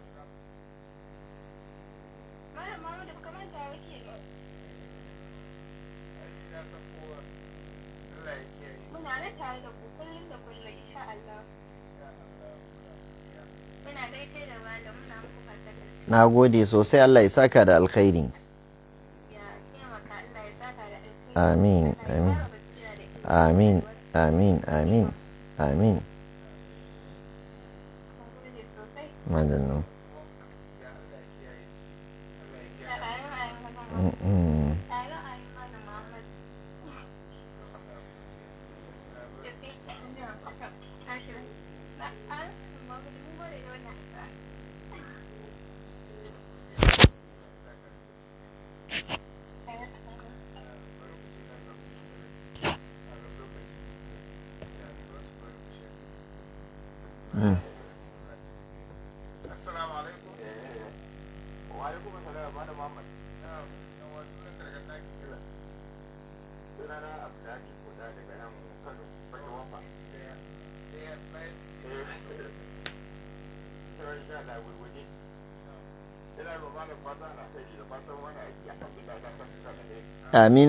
na gode sosai Allah ya saka da alkhairi amin amin amin amin amin amin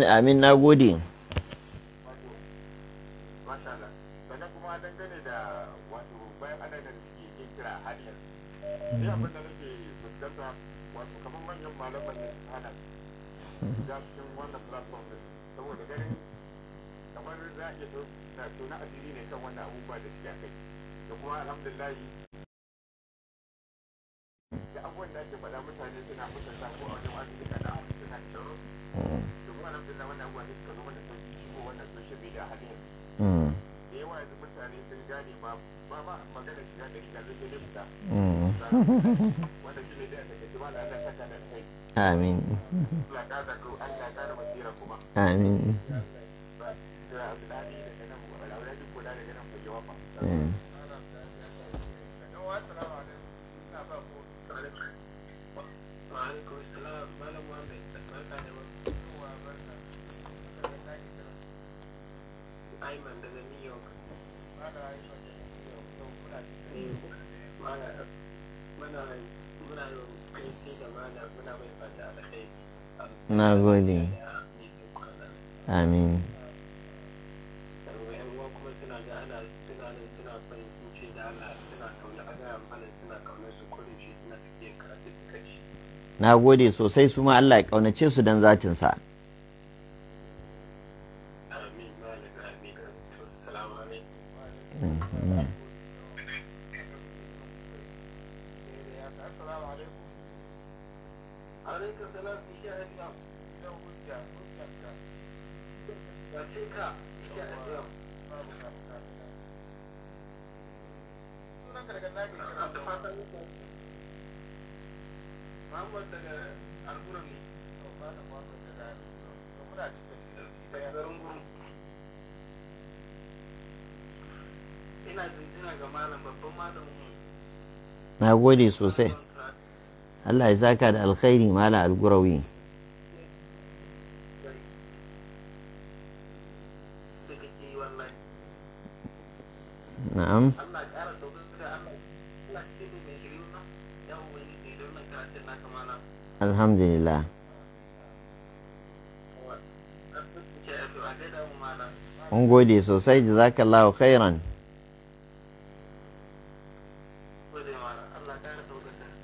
I mean I wouldn't. daga New York. Na gode. Amin. Na gode sosai su ma Allah ya ƙaunace su don zatinsa. sosai Allah ya zaka da alkhairi mala algurawi na'am alhamdulillah mun gode sosai da jazakallahu khairan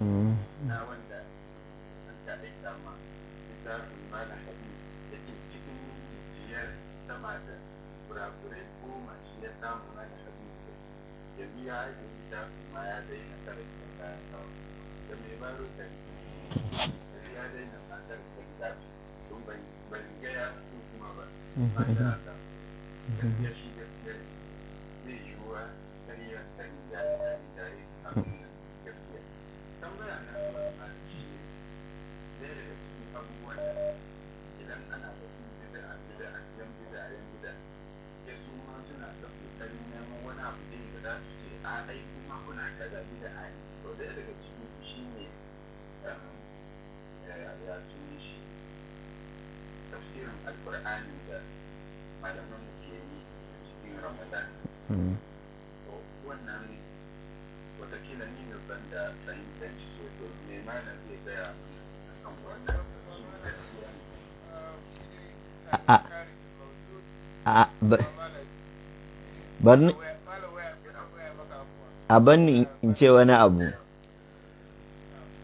嗯。barni a banni in ce wani abu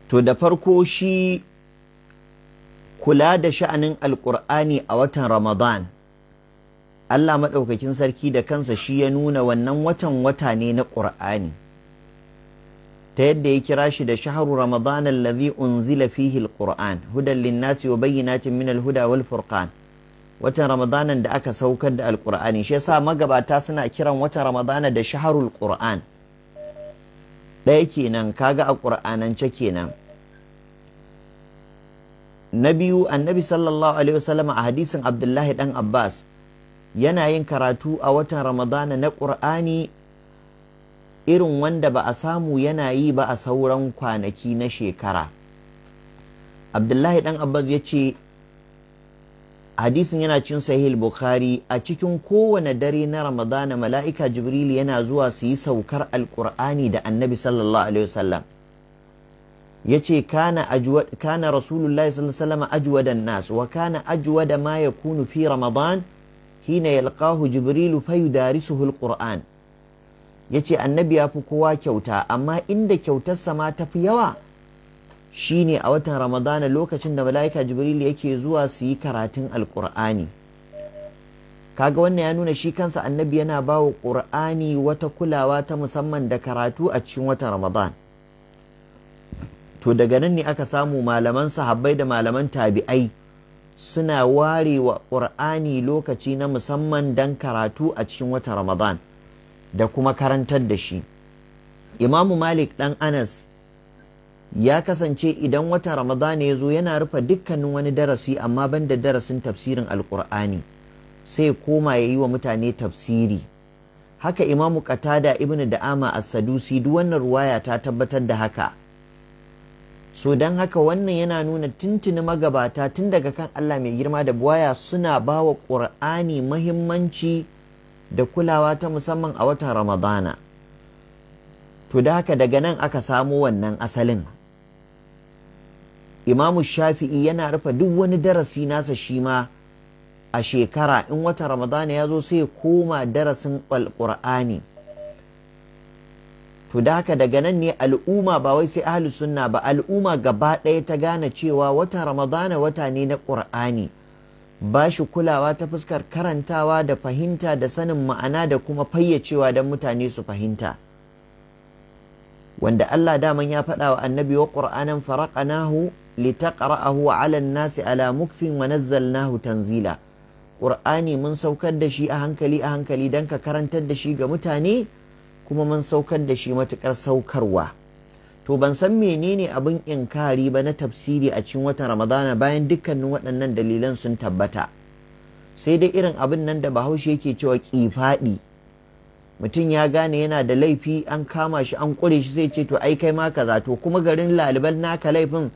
to da farko shi kula da sha'anin alkur'ani a watan ramadan Allah maɗaukakin sarki da kansa shi ya nuna wannan watan wata ne na ƙur'ani ta yadda ya kira shi da shaharu ramadan allazi unzila fihi alquran hudan linnasi wa bayyinatin min alhuda wal furqan watan ramadanan da aka saukar da alkur'ani shi yasa magabata suna kiran watan ramadana da shaharul qur'an ɗaya kenan kaga a ƙur'anance kenan na biyu annabi sallallahu alaihi wasallam a hadisin abdullahi dan abbas yana yin karatu a watan ramadana na ƙur'ani irin wanda ba a samu yana yi ba a sauran kwanaki na shekara abdullahi dan abbas ya ce hadisin yana cin sahih bukhari a cikin kowane dare na ramadana mala'ika jibril yana zuwa su yi saukar alkur'ani da annabi sallallahu alaihi wasallam ya ce kana rasulullahi sallallahu alaihi wasallam ajwadan nas wa kana ajwada ma yakunu fi ramadan hina yalqahu jibrilu fayudarisuhu alquran yace annabi ya fi kowa kyauta amma inda kyautarsa ma ta fi yawa shine a watan ramadana lokacin da mala'ika Jibrilu yake zuwa su yi karatun alkur'ani kaga wannan ya nuna shi kansa annabi yana ba wa ƙur'ani wata kulawa ta musamman da karatu a cikin watan ramadan to daga nan ne aka samu malaman sahabbai da malaman tabi'ai suna ware wa ƙur'ani lokaci na musamman don karatu a cikin watan ramadan da kuma karantar da shi imamu malik dan anas ya kasance idan wata ramadana ya zo yana rufe dukkanin wani darasi amma ban da darasin tafsirin alkur'ani sai koma ya yi wa mutane tafsiri haka imamu qatada ibn da'ama as-sadusi duk wannan ruwaya ta tabbatar da haka so don haka wannan yana nuna tuntuni magabata tun daga kan Allah mai girma da buwaya suna ba wa ƙur'ani mahimmanci da kulawa ta musamman a watan ramadana to da haka daga nan aka samo wannan asalin imamu shafi'i yana rufe duk wani darasi nasa shi ma a shekara in wata ramadana ya zo sai koma darasin alƙur'ani to da haka daga nan ne al'umma ba wai sai ahlu sunna ba al'umma gaba ɗaya ta gane cewa wata ramadana wata ne na ƙur'ani ba shi kulawa ta fuskar karantawa da fahimta da sanin ma'ana da kuma fayyacewa don mutane su fahimta wanda Allah daman ya faɗa wa annabi wa qur'anan faraqnahu litaqra'ahu 'ala an-nasi ala muksin wa nazzalnahu tanzila Ƙur'ani mun saukar da shi a hankali a hankali dan ka karantar da shi ga mutane kuma mun saukar da shi matukar saukarwa to ban san menene abin inkari ba na tafsiri a cikin watan ramadana bayan dukkanin waɗannan dalilan sun tabbata sai dai irin abin nan da bahaushe yake cewa kifadi mutum ya gane yana da laifi an kama shi an ƙure shi zai ce to ai kai ma kaza to kuma garin laliban naka laifin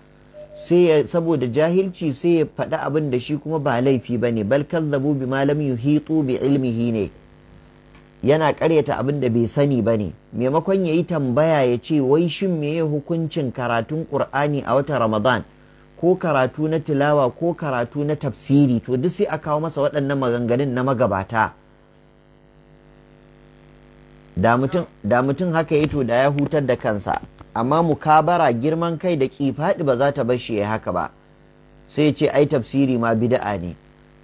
sai saboda jahilci sai ya faɗi abin da shi kuma ba laifi ba ne bal kazzabu bi malam yuhitu bi ilmihi ne yana ƙaryata abin da bai sani ba ne maimakon ya yi tambaya ya ce wai shin meye hukuncin karatun ƙur'ani a wata ramadan ko karatu na tilawa ko karatu na tafsiri to duk sai a kawo masa waɗannan maganganun na magabata da mutum haka yi to da ya hutar da kansa amma mukabara girman kai da kifaɗi ba za ta bar shi ya haka ba sai ce ai tafsiri ma bida'a ne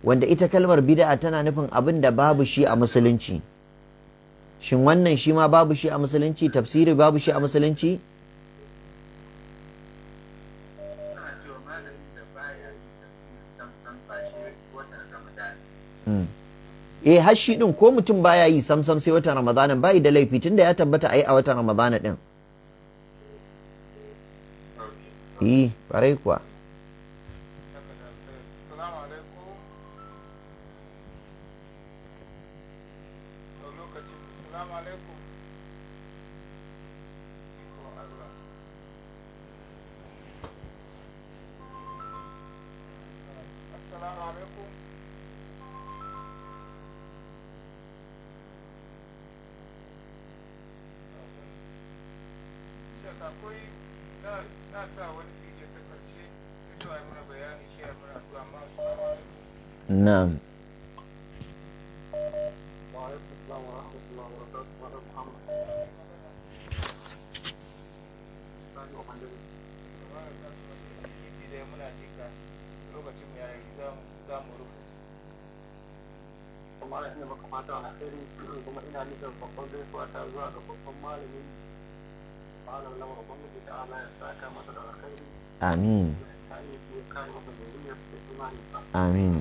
wanda ita kalmar bida'a tana nufin abin da babu shi a musulunci shin wannan shi ma babu shi a musulunci tafsiri babu shi a musulunci Mm. eh har shi din ko mutum baya yi sam sai watan ramadanin bai da laifi tunda ya tabbata a yi a watan ramadana din eh kwarai kuwa na'am gaisuwa ta zuwa ga babban ta ala ya saka masa da amin amin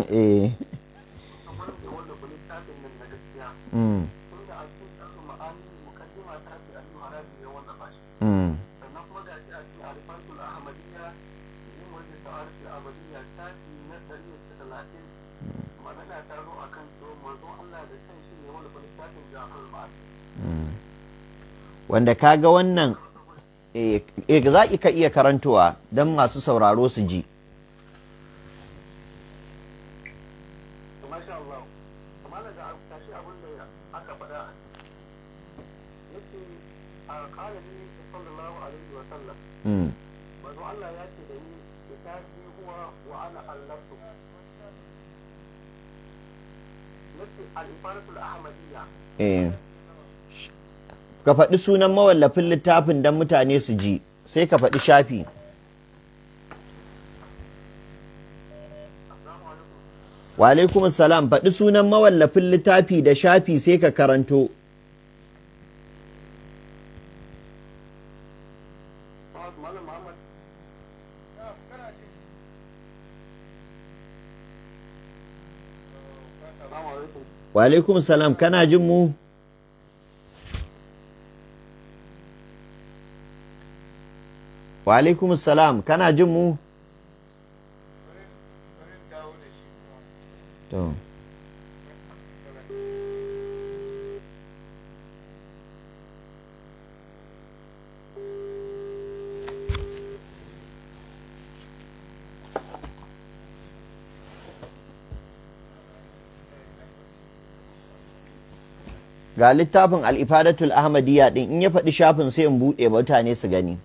eh hmm. Hmm. Hmm. wanda kaga wannan eh, eh za ka iya karantowa don masu sauraro su ji Eh. ka faɗi sunan mawallafin littafin don mutane su ji sai ka faɗi shafi wa alaikum faɗi sunan mawallafin littafi da shafi sai ka karanto wa salam kana jin mu wa salam kana jin mu to ga littafin al'ifadatul ahmadiyya din in ya faɗi shafin sai in buɗe mutane su gani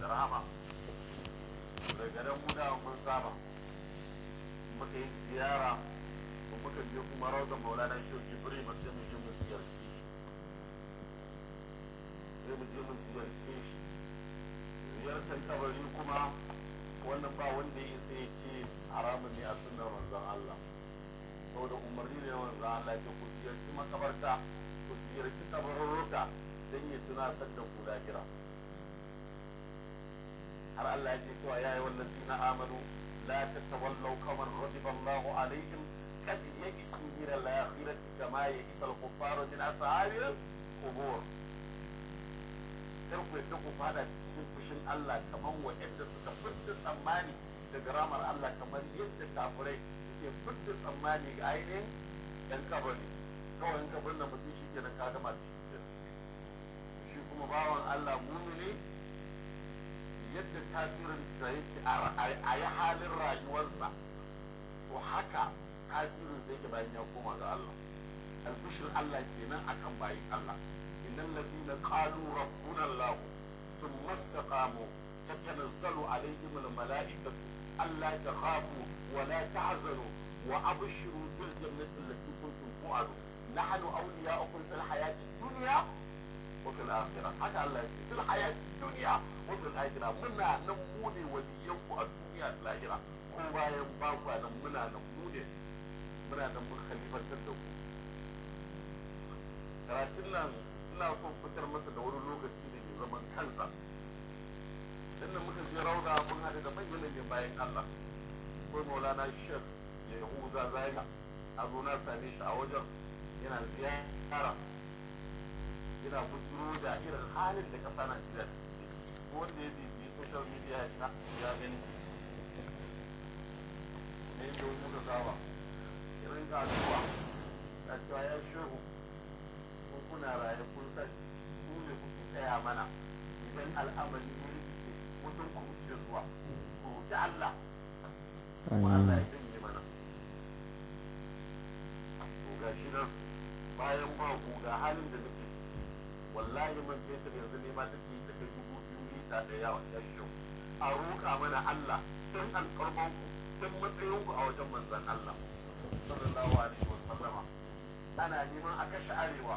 da rahama daga nan muna mun saba muka yi ziyara ko muka je kuma rawar maulana shi jibril ba sai mu je mu ziyarci sai mu je mu ziyarci shi ziyartar kabari kuma wannan ba wanda ya sai ya ce haramun ne a sunnar manzon Allah saboda umarni ne manzon Allah ya ku ziyarci makabarta ku ziyarci kabarurruka don ya tuna sanda ku kira. har Allah yake cewa ya yi wannan zina amanu la ta tatawallau kaman radiyallahu alaihim kad ya'isu min al-akhirati kama ya'isa al-kuffaru min ko qubur kar ku yadda ku fada cikin fushin Allah kamar waɗanda suka fitta tsammani da ramar Allah kamar yadda kafirai suke fitta tsammani ga ainihin yan kabari kawai yan kabarin na mutum shi ke nan gama shi kuma bawan Allah mumini yadda tasirinsa yake a yi halin rayuwarsa to haka tasirin zai bayan ya koma ga Allah albishir Allah kenan akan bayin Allah innal ladina qalu rabbuna Allah thumma istaqamu tatanazzalu alaihim almalaikatu alla takhafu wa la tahzanu wa abshiru bil jannati allati kuntum tu'adun nahnu awliya'ukum fil hayati dunya wa fil akhirah haka Allah yake fil hayati dunya wa fil akhirah muna nan mu ne waliyan ku a duniya da lahira ko bayan muna nan ku karatun nan ina son fitar masa da wani lokaci da mai zaman kansa dan nan muka je rauda mun hada da manyan ne bayan Allah ko maulana shek yahuza zaina a zo na same shi a wajen yana ziyara yana bujiro da irin halin da ƙasa Najeriya wanda ya bibi social media ya ya gani ne da wani da zawa irin kasuwa da cewa ya shiru ko kuna raye kun sani ku ne kuke tsaya mana idan al'amari ne rikice mutum ku wuce zuwa ku wuce Allah kuma Allah ya janye mana to ga shi nan bayan ba ku ga halin da wallahi man fetur yanzu ne ma take ta kai dubu biyu lita da yawa ya shi a roƙa mana Allah don alƙarbanku don matsayinku a wajen manzan Allah sallallahu alaihi wa sallama ana neman a kashe arewa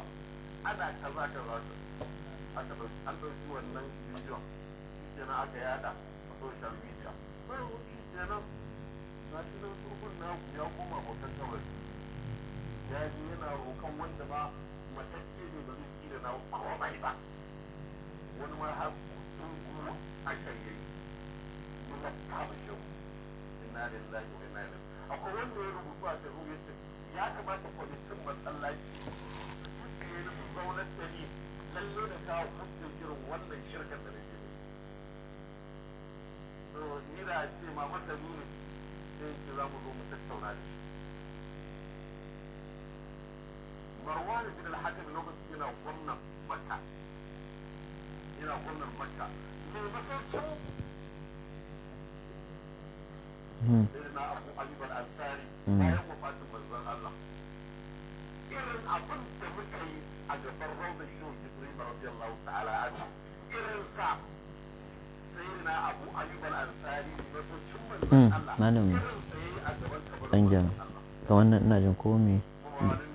ana kaza kaza aka an ɗauki wannan bidiyon kenan aka yada a social media sai wuce kenan na shi nan turkun naku ya koma abokan kawai ya ji yana roƙon wanda ba matacce ne ba zai da na komai ba wani ma har a aka yi muna kama shi ina da lahi wa ina da akwai wanda ya rubutu a jaru ya ce ya kamata kwamitin masallaci su tukiye da su zaunar da ni lalle da kawo hujjar irin wannan shirkar da nake da to ni da ce ma masani ne sai ki za mu zo mu tattauna da shi marwan bin al-hakam lokacin yana gwamnan makka yana gwamnan makka masaukin hmm. abu ansari hmm. bayan wafatin Allah irin abin da muka yi a gaban rawdar shehu jibril radiyallahu ta'ala anhu irin sa sai na abu ayyub al-ansari masaukin manzon hmm. Allah irin sa yayi a gaban kabarin wannan ina jin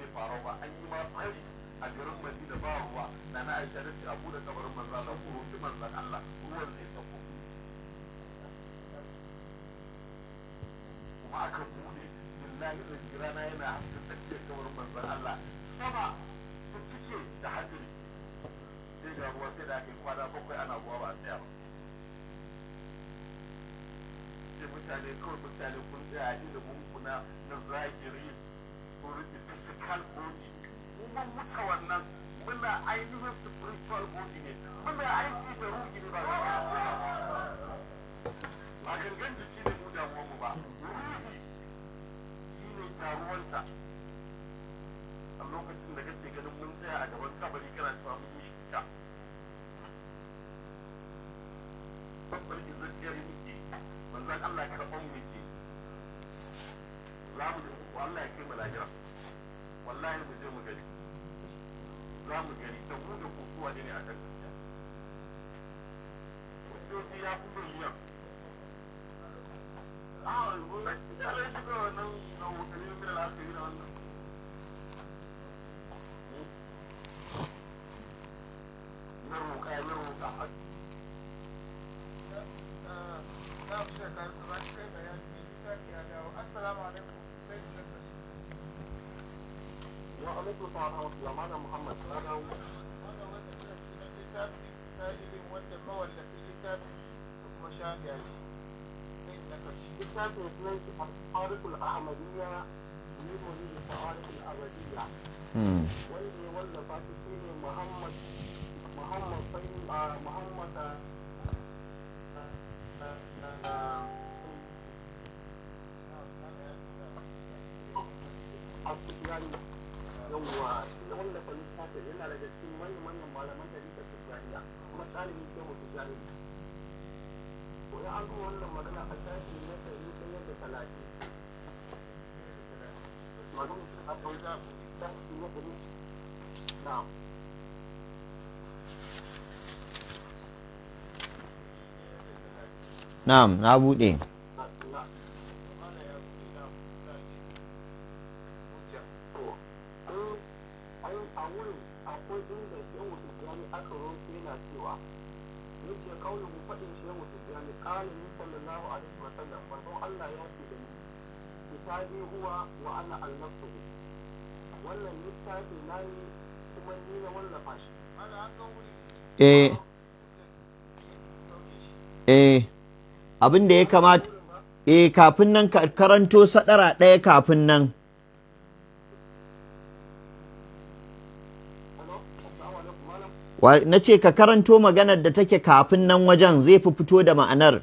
yawwa da wanda ta yana daga cikin manyan malaman da rika kuma tsarin ke mu an wannan magana a tashi ne ta yi ta yadda na Na'am, na buɗe. Eh. eh abin da ya kamata eh kafin nan karanto sadara ɗaya kafin nan na ce ka karanto maganar da take kafin nan wajen zai fi fito da ma'anar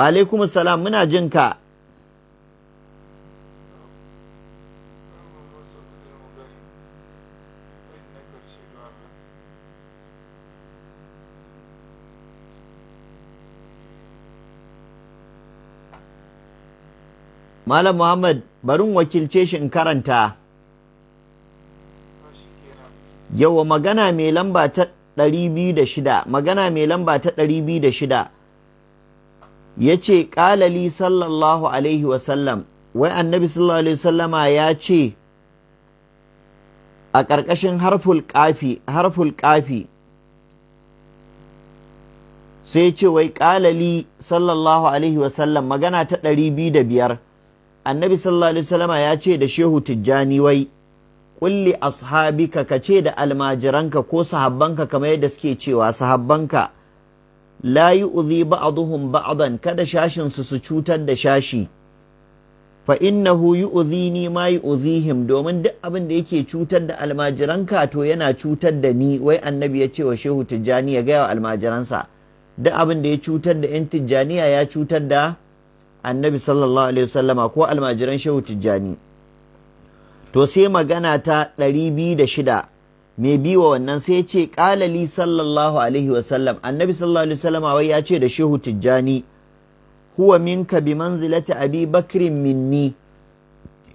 wa salam muna jin ka Malam Muhammad barin wakilce shi in karanta. Yawa magana mai lamba ta ɗari biyu da shida, magana mai lamba ta ɗari biyu da shida. ya ce ƙalali sallallahu alaihi wasallam wai annabi sallallahu alaihi wasallama ya ce a ƙarƙashin harful ƙafi harful ƙafi sai ce wai ƙalali sallallahu alaihi wasallam magana ta ɗari biyu da biyar annabi sallallahu alaihi wasallama ya ce da shehu tijjani wai kulli ashabika ka ce da almajiranka ko sahabbanka kamar yadda suke cewa sahabbanka la yi uzi ba'dhum ba'dan kada shashin su su cutar da shashi fa innahu ni ma yi him domin duk abin da yake cutar da almajiranka to yana cutar da ni wai annabi ya ce wa shehu tijjani ya gaya wa almajiransa duk abin da ya cutar da yan tijjaniya ya cutar da annabi sallallahu alaihi wasallama ko almajiran shehu tijjani to sai magana ta 206 mai wa wannan sai ya ce ƙalali sallallahu alaihi wasallam annabi sallallahu alaihi wasallam wai ya ce da shehu tijjani huwa minka bi manzilati abi bakrin minni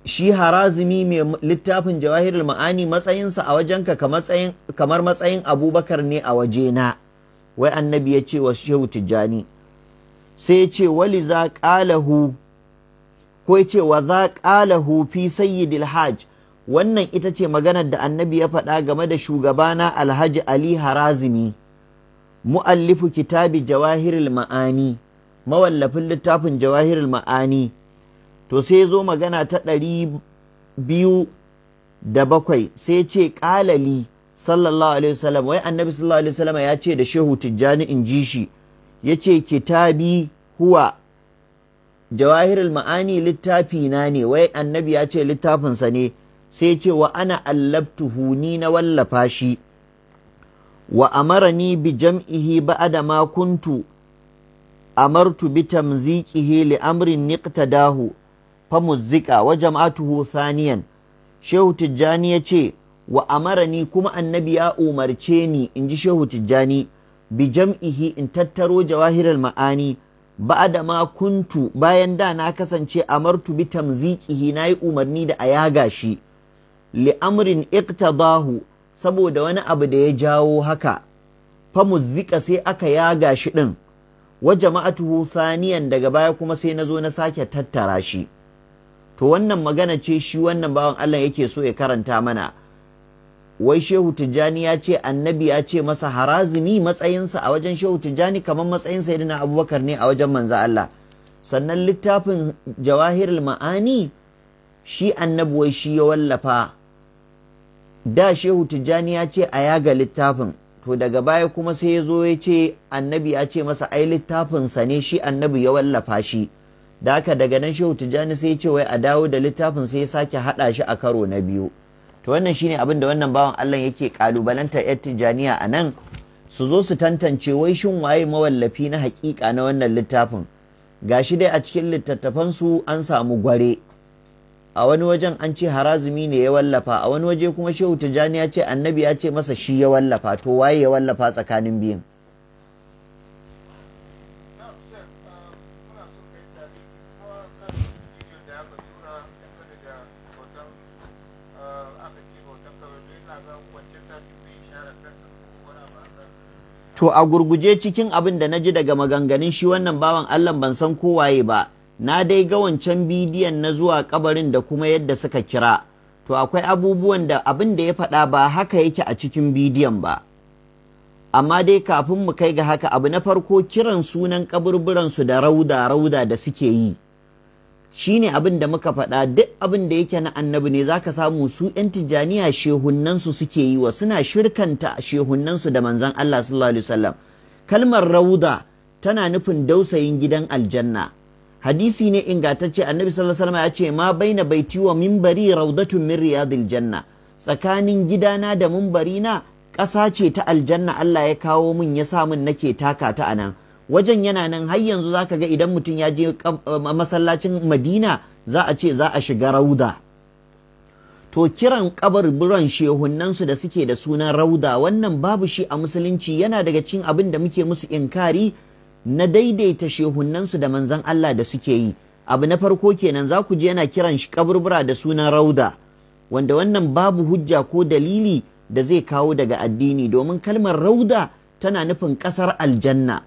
shi harazimi mai littafin jawahirul ma'ani matsayinsa a wajenka kamar matsayin abubakar ne a wajena wai annabi ya ce wa shehu tijjani sai ya ce wali za ƙalahu ko ya ce wa za ƙalahu fi sayyidil hajj wannan ita ce maganar da annabi ya faɗa game da shugabana alhaji ali harazimi mu'allifu kitabi jawahirul ma'ani mawallafin littafin jawahirul ma'ani to sai zo magana ta ɗari biyu da bakwai sai ce ƙalali sallallahu alaihi wasallam wai annabi sallallahu alaihi wasallam ya ce da shehu tijjani in ji shi ya ce kitabi huwa jawahirul ma'ani littafi na ne wai annabi ya ce littafinsa ne sai ce wa ana allabtuhu ni na wallafa shi wa amarani bi jam'ihi ba'da ma kuntu amartu bi tamziqihi li amrin niqtadahu fa muzika wa thaniyan shehu tijjani ya ce wa amarani kuma annabi ya umarce ni in ji shehu tijjani bi jam'ihi in tattaro jawahirar ma'ani ba'da ma kuntu bayan da na kasance amartu bi na yi umarni da a yaga shi li'amrin iktabahu saboda wani abu da ya jawo haka famuzika sai aka yaga shi din. wa jama'atuhu saniyan daga baya kuma sai na zo na sake tattara shi to wannan magana ce shi wannan bawan Allah yake so ya karanta mana wai shehu tijjani ya ce annabi ya ce masa harazimi matsayinsa a wajen shehu tijjani kamar ya sayyidina abubakar ne a wajen manzo Allah sannan littafin jawahirul ma'ani shi annabi wai shi ya wallafa da shehu tijjani ya ce a yaga littafin to daga baya kuma sai ya zo ya ce annabi ya ce masa ai littafinsa ne shi annabi ya wallafa shi da haka daga nan shehu tijjani sai ya ce wai a dawo da littafin sai ya sake haɗa shi a karo na biyu to wannan shine abin da wannan bawan Allah yake kalubalanta yar tijjaniya a nan su zo su tantance wai shin waye mawallafi na hakika na wannan littafin gashi dai a cikin littattafan su an samu gware a wani wajen an ce harazumi ne ya wallafa a wani waje kuma shehu tijjani ya ce annabi ya ce masa shi ya wallafa to waye ya wallafa tsakanin biyun To a gurguje cikin abin da na ji daga maganganun shi wannan bawan Allah ban san kowaye ba na dai ga wancan bidiyon na zuwa kabarin da kuma yadda suka kira to akwai abubuwan da abin da ya faɗa ba haka yake a cikin bidiyon ba amma dai kafin mu kai ga haka abu na farko kiran sunan kaburburansu da rauda rauda da suke yi shine abin da muka faɗa duk abin da yake na annabi ne zaka samu su 'yan tijjaniya shehunnansu suke yi wa suna shirkanta shehunnansu da manzon Allah sallallahu alaihi wasallam kalmar rauda tana nufin dausayin gidan aljanna hadisi ne ingantacce annabi sallallahu alaihi wasallam ya ce ma baina baiti wa minbari raudatun min riyadil janna tsakanin gidana da minbari na ƙasa ce ta aljanna Allah ya kawo min ya sa min nake taka ta anan wajen yana nan har yanzu zaka ga idan mutum ya je eh, masallacin Madina za a ce za a shiga rauda to kiran shehunnan su da suke da sunan rauda wannan babu shi a musulunci yana daga cikin abin da muke musu inkari na daidaita shehunansu da manzan Allah da suke yi abu na farko kenan za ku je yana kiran shi kaburbura da sunan rauda wanda wannan babu hujja ko dalili da zai kawo daga addini domin kalmar rauda tana nufin ƙasar aljanna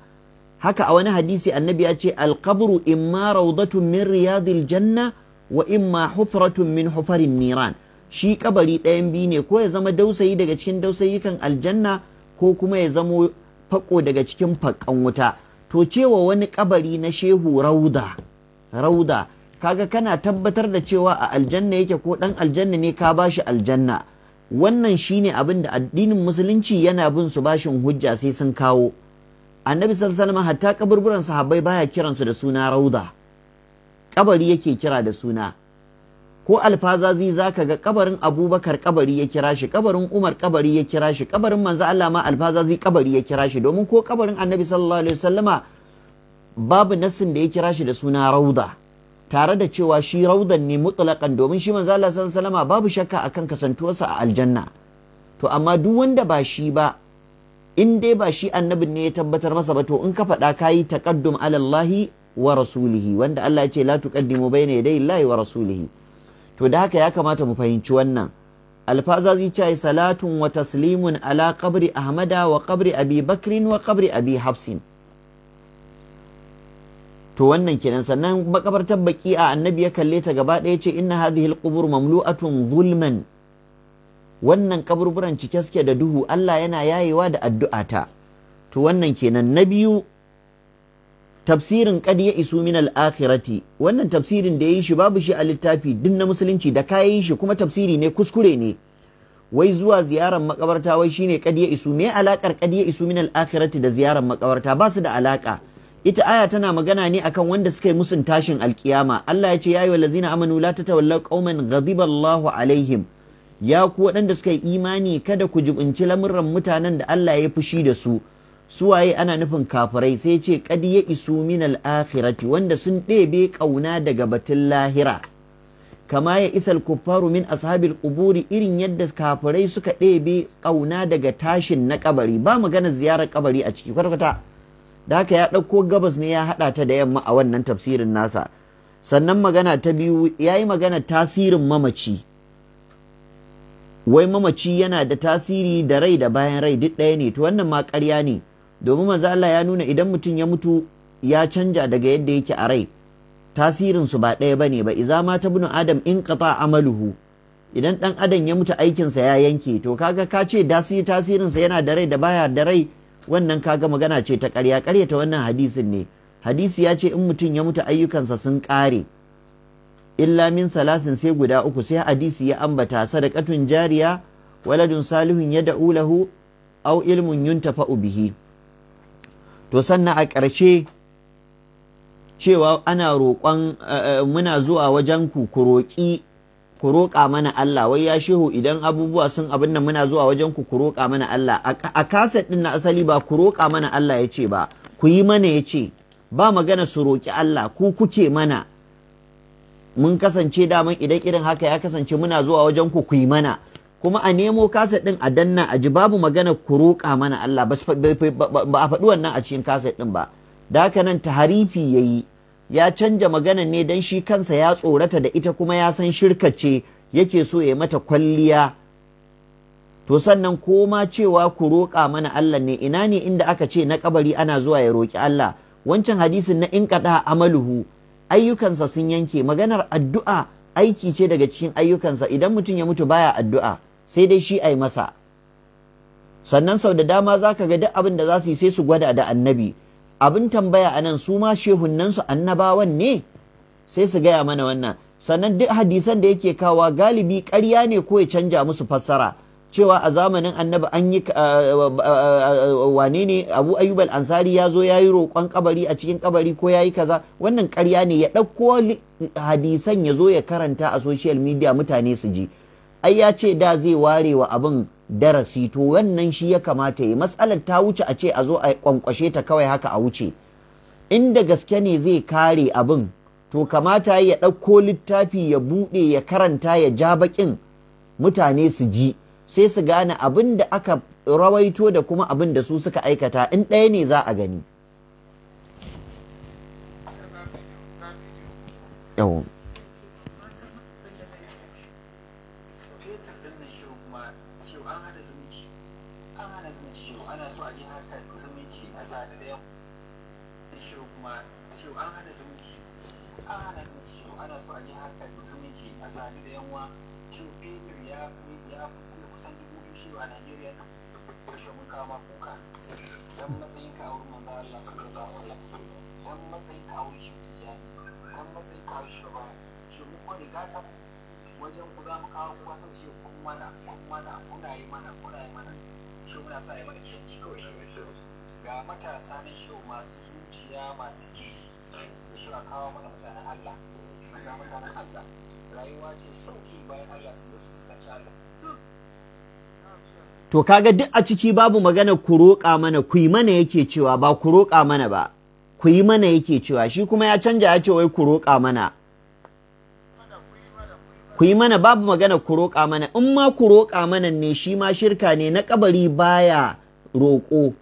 haka a wani hadisi annabi ya ce alkabru imma raudatun min riyadil janna wa imma hufratun min hufarin niran shi kabari ɗayan biyu ne ko ya zama dausayi daga cikin dausayikan aljanna ko kuma ya zamo fako daga cikin fakan wuta to cewa wani kabari na shehu rauda rauda kaga kana tabbatar da cewa a aljanna yake ko dan aljanna ne ka bashi aljanna wannan shine abin da addinin musulunci yana bin su bashin hujja sai sun kawo annabi sallallahu alaihi wasallam hatta kaburburan sahabbai baya kiransu da suna rauda kabari yake kira da suna ko alfazazi za ka ga kabarin abubakar kabari ya kira shi kabarin umar kabari ya kira shi kabarin manzo Allah ma alfazazi kabari ya kira shi domin ko kabarin annabi sallallahu alaihi wasallama babu nassin da ya kira shi da suna rauda tare da cewa shi raudan ne mutlaqan domin shi manzo Allah sallallahu alaihi wasallama babu shakka akan kasantuwarsa a aljanna to amma duk wanda ba shi ba in dai ba shi annabin ne ya tabbatar masa ba to in ka faɗa kayi taqaddum ala Allahi wa rasulihi wanda Allah ya ce la tuqaddimu bayna yadayi Allahi wa rasulihi to da haka ya kamata mu fahimci wannan alfazazi ce salatun wa taslimun ala qabri ahmada wa qabri abi bakrin wa qabri abi hafsin to wannan kenan sannan makabartar a annabi ya kalle ta gaba ɗaya ce inna hadhihi alqubur mamlu'atun zulman wannan kaburburan cike suke da duhu Allah yana yayewa da addu'ata to wannan kenan na biyu tafsirin qad ya isu min al-akhirati wannan tafsirin da yayi shi babu shi a littafi duk na musulunci da kayan shi kuma tafsiri ne kuskure ne wai zuwa ziyarar makabarta wai shine qad ya isu me alakar qad ya isu min al-akhirati da ziyarar makabarta ba su da alaka ita aya tana magana ne akan wanda suka yi musun tashin alkiyama Allah ya ce ya ayyuhal ladzina amanu la tatawallaw qauman ghadiba Allah alaihim ya ku waɗanda suka yi imani kada ku jibinci lamurran mutanen da Allah ya fushi da su Su waye ana nufin kafirai sai ce kad ya isu al akhirati wanda sun ɗebe kauna daga batun lahira kama ya isal kuffaru min ashabil quburi irin yadda kafirai suka ɗebe kauna daga tashin na kabari ba magana ziyarar kabari a ciki kwata-kwata da haka ya ɗauko gabas ne ya haɗa ta da yamma a wannan tafsirin nasa sannan magana ta biyu ya yi magana tasirin mamaci wai mamaci yana da tasiri da rai da bayan rai duk ɗaya ne to wannan ma ƙarya ne domin manzo Allah ya nuna idan mutum ya mutu ya canja daga yadda yake a rai tasirin su ba ɗaya bane ba iza ma ta bunu adam in qata amaluhu idan dan adam ya mutu aikin sa ya yanke to kaga ka ce dasi tasirin sa yana da rai da baya da rai wannan kaga magana ce ta ƙarya ta wannan hadisin ne hadisi ya ce in mutum ya mutu ayyukansa sun ƙare illa min salasin sai guda uku sai hadisi ya ambata sadaqatun jariya waladun salihun yad'u lahu aw ilmun yuntafa'u bihi to sannan a ƙarshe cewa ana roƙon eh, eh, muna zuwa wajen ku ku roƙi ku roƙa mana Allah wai ya shehu idan abubuwa sun abin nan muna zuwa wajen ku ku roƙa mana Allah a kaset din na asali ba ku roƙa mana Allah ya ce ba ku yi mana ya ce ba magana su roƙi Allah ku kuke mana mun kasance daman idan irin haka ya kasance muna zuwa wajen ku ku yi mana kuma a nemo kaset ɗin a danna a ji babu magana ku roƙa mana Allah ba a faɗi wannan a cikin kaset ɗin ba da haka nan taharifi yayi ya canja magana ne dan shi kansa ya tsorata da ita kuma ya san shirka ce yake so ya mata kwalliya to sannan koma cewa ku roƙa mana Allah ne ina ne inda aka ce na kabari ana zuwa ya roƙi Allah wancan hadisin na in kada amaluhu ayyukansa sun yanke maganar addu'a aiki ce daga cikin ayyukansa idan mutum ya mutu baya addu'a sai dai shi a yi masa sannan sau da dama za ka ga duk abin da za su yi sai su gwada da annabi abin tambaya a nan su ma su annabawan ne sai su gaya mana wannan sannan duk hadisan da yake kawa galibi karya ne ko ya canja musu fassara cewa a zamanin annabi an yi wane ne abu ayyubal ansari ya zo ya yi roƙon kabari a cikin kabari ko ya yi kaza wannan karya ne ya ɗauko hadisan ya zo ya karanta a social media mutane su ji ai ya ce da zai ware wa abin darasi to wannan shi ya kamata ya matsalar ta wuce a ce a zo a kwankwashe ta kawai haka a wuce inda gaske ne zai kare abin to kamata ya ɗauko littafi ya buɗe ya karanta ya ja baƙin mutane su ji sai su gane abin da aka rawaito da kuma abin da su suka aikata in ɗaya ne za a gani. to kaga duk a ciki babu magana ku roƙa mana ku yi mana yake cewa ba ku roƙa mana ba ku yi mana yake cewa shi kuma ya canja ya ce wai ku roƙa mana ku yi mana babu magana ku roƙa mana in ma ku roƙa mana ne shi ma shirka ne na kabari baya roƙo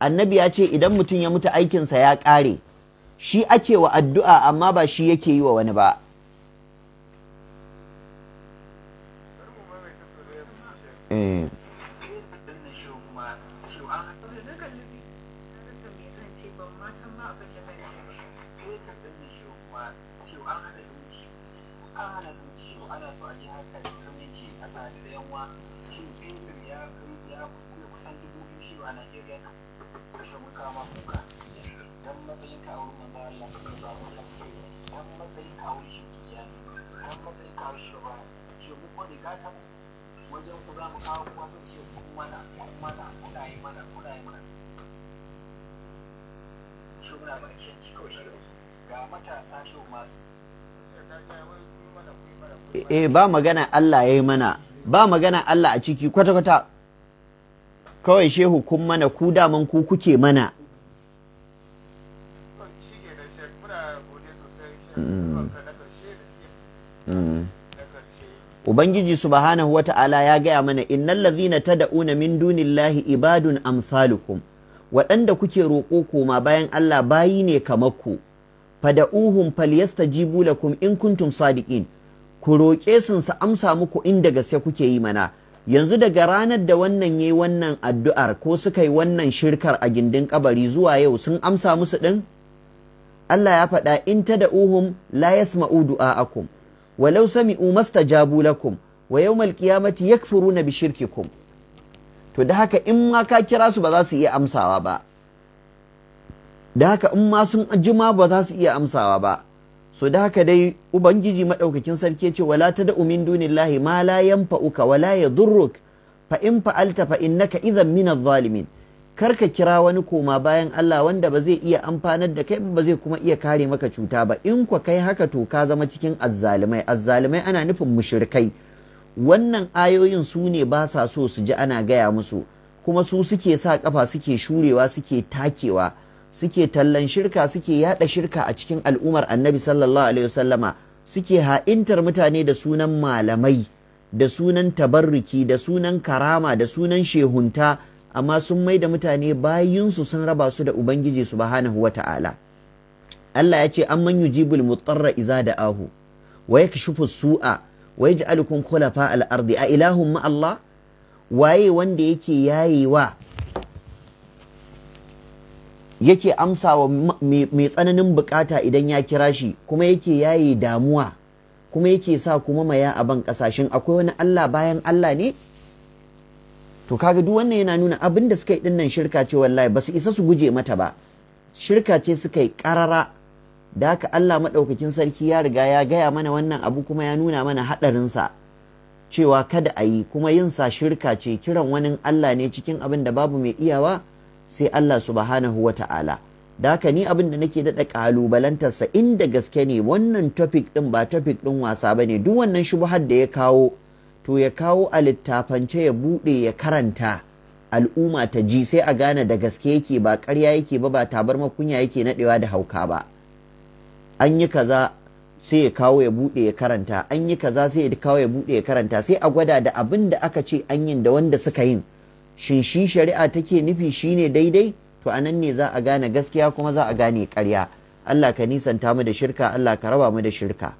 annabi ya ce idan mutum ya mutu aikinsa ya ƙare shi ake wa addu'a amma ba shi yake yi wa wani ba eh eh ba magana Allah ya yi mana ba magana Allah a ciki kwata-kwata kawai shehu kun mana ku daman ku kuke mana mm. Mm. Ubangiji subhanahu wa ta'ala ya gaya mana innal lazina tad'una min dunillahi ibadun amsalukum waɗanda kuke roƙo koma bayan Allah bayi ne kamar ku Fada'uhun, falyastajibu lakum in kuntum sadiqin ku roƙe sun su amsa muku inda gaske kuke yi mana yanzu daga ranar da wannan yayi wannan addu'ar ko suka yi wannan shirkar a gindin kabari zuwa yau sun amsa musu din? Allah ya faɗa in ta da uhum la yasma'u du'a'akum walau sami'u mastajabu lakum wa yawmal qiyamati yakfuruna bi shirkikum to da haka in ma ka kira su ba za su iya amsawa ba da haka in ma sun jima ba za su iya amsawa ba so da haka dai ubangiji madaukakin sarki ce wala tada umin dunillahi ma la uka. wala yadurruk fa in fa'alta fa innaka idhan min adh-dhalimin karka kira wani koma bayan Allah wanda ba zai iya amfanar da kai ba zai kuma iya kare maka cuta ba in kwa kai haka to ka zama cikin azzalimai azzalimai ana nufin mushrikai wannan ayoyin su ne ba sa so su ji ana gaya musu kuma su suke sa kafa suke shurewa suke takewa suke tallan shirka suke yada shirka a cikin al'umar annabi sallallahu alaihi wasallama suke ha'intar mutane da sunan malamai da sunan tabarruki da sunan karama da sunan shehunta amma sun mai da mutane bayinsu sun raba su da ubangiji subhanahu wata'ala Allah ya ce amman yujibul mutarra iza da ahu wa yakshifu su'a wa yaj'alukum khulafa al-ardi a ilahum ma Allah waye wanda yake yayewa yake amsawa mai tsananin bukata idan ya kira shi kuma yake yaye damuwa kuma yake sa kuma maya a ban kasashen akwai wani Allah bayan Allah ne to kaga duk wannan yana nuna abin da suka yi dinnan shirka ce wallahi ba su isa su guje mata ba shirka ce suka yi karara da haka Allah maɗaukakin sarki ya riga ya gaya mana wannan abu kuma ya nuna mana sa cewa kada a yi kuma yin sa shirka ce kiran wani Allah ne cikin abin da babu mai iyawa sai Allah subhanahu wa ta'ala da haka ni abin da nake daɗa ƙalubalantarsa inda gaske ne wannan topic ɗin ba topic ɗin wasa ba ne duk wannan shubuhar da ya kawo to ya kawo a littafance ya buɗe ya karanta al'umma ta ji sai a gane da gaske yake ba ƙarya yake ba ba tabar makunya yake naɗewa da hauka ba an yi kaza sai ya kawo ya buɗe ya karanta an yi kaza sai ya kawo ya buɗe ya karanta sai a gwada da abin da aka ce an yin da wanda suka yin shin shi shari'a take nufi shine daidai to anan ne za a gane gaskiya kuma za a gane ƙarya Allah ka nisanta mu da shirka Allah ka raba mu da shirka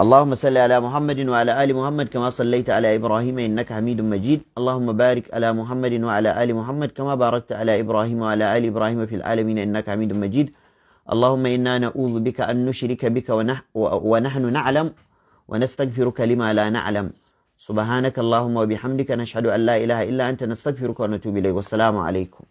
اللهم صل على محمد وعلى آل محمد كما صليت على إبراهيم إنك حميد مجيد اللهم بارك على محمد وعلى آل محمد كما باركت على إبراهيم وعلى آل إبراهيم في العالمين إنك حميد مجيد اللهم إنا نعوذ بك أن نشرك بك ونح ونحن نعلم ونستغفرك لما لا نعلم سبحانك اللهم وبحمدك نشهد أن لا إله إلا أنت نستغفرك ونتوب إليك والسلام عليكم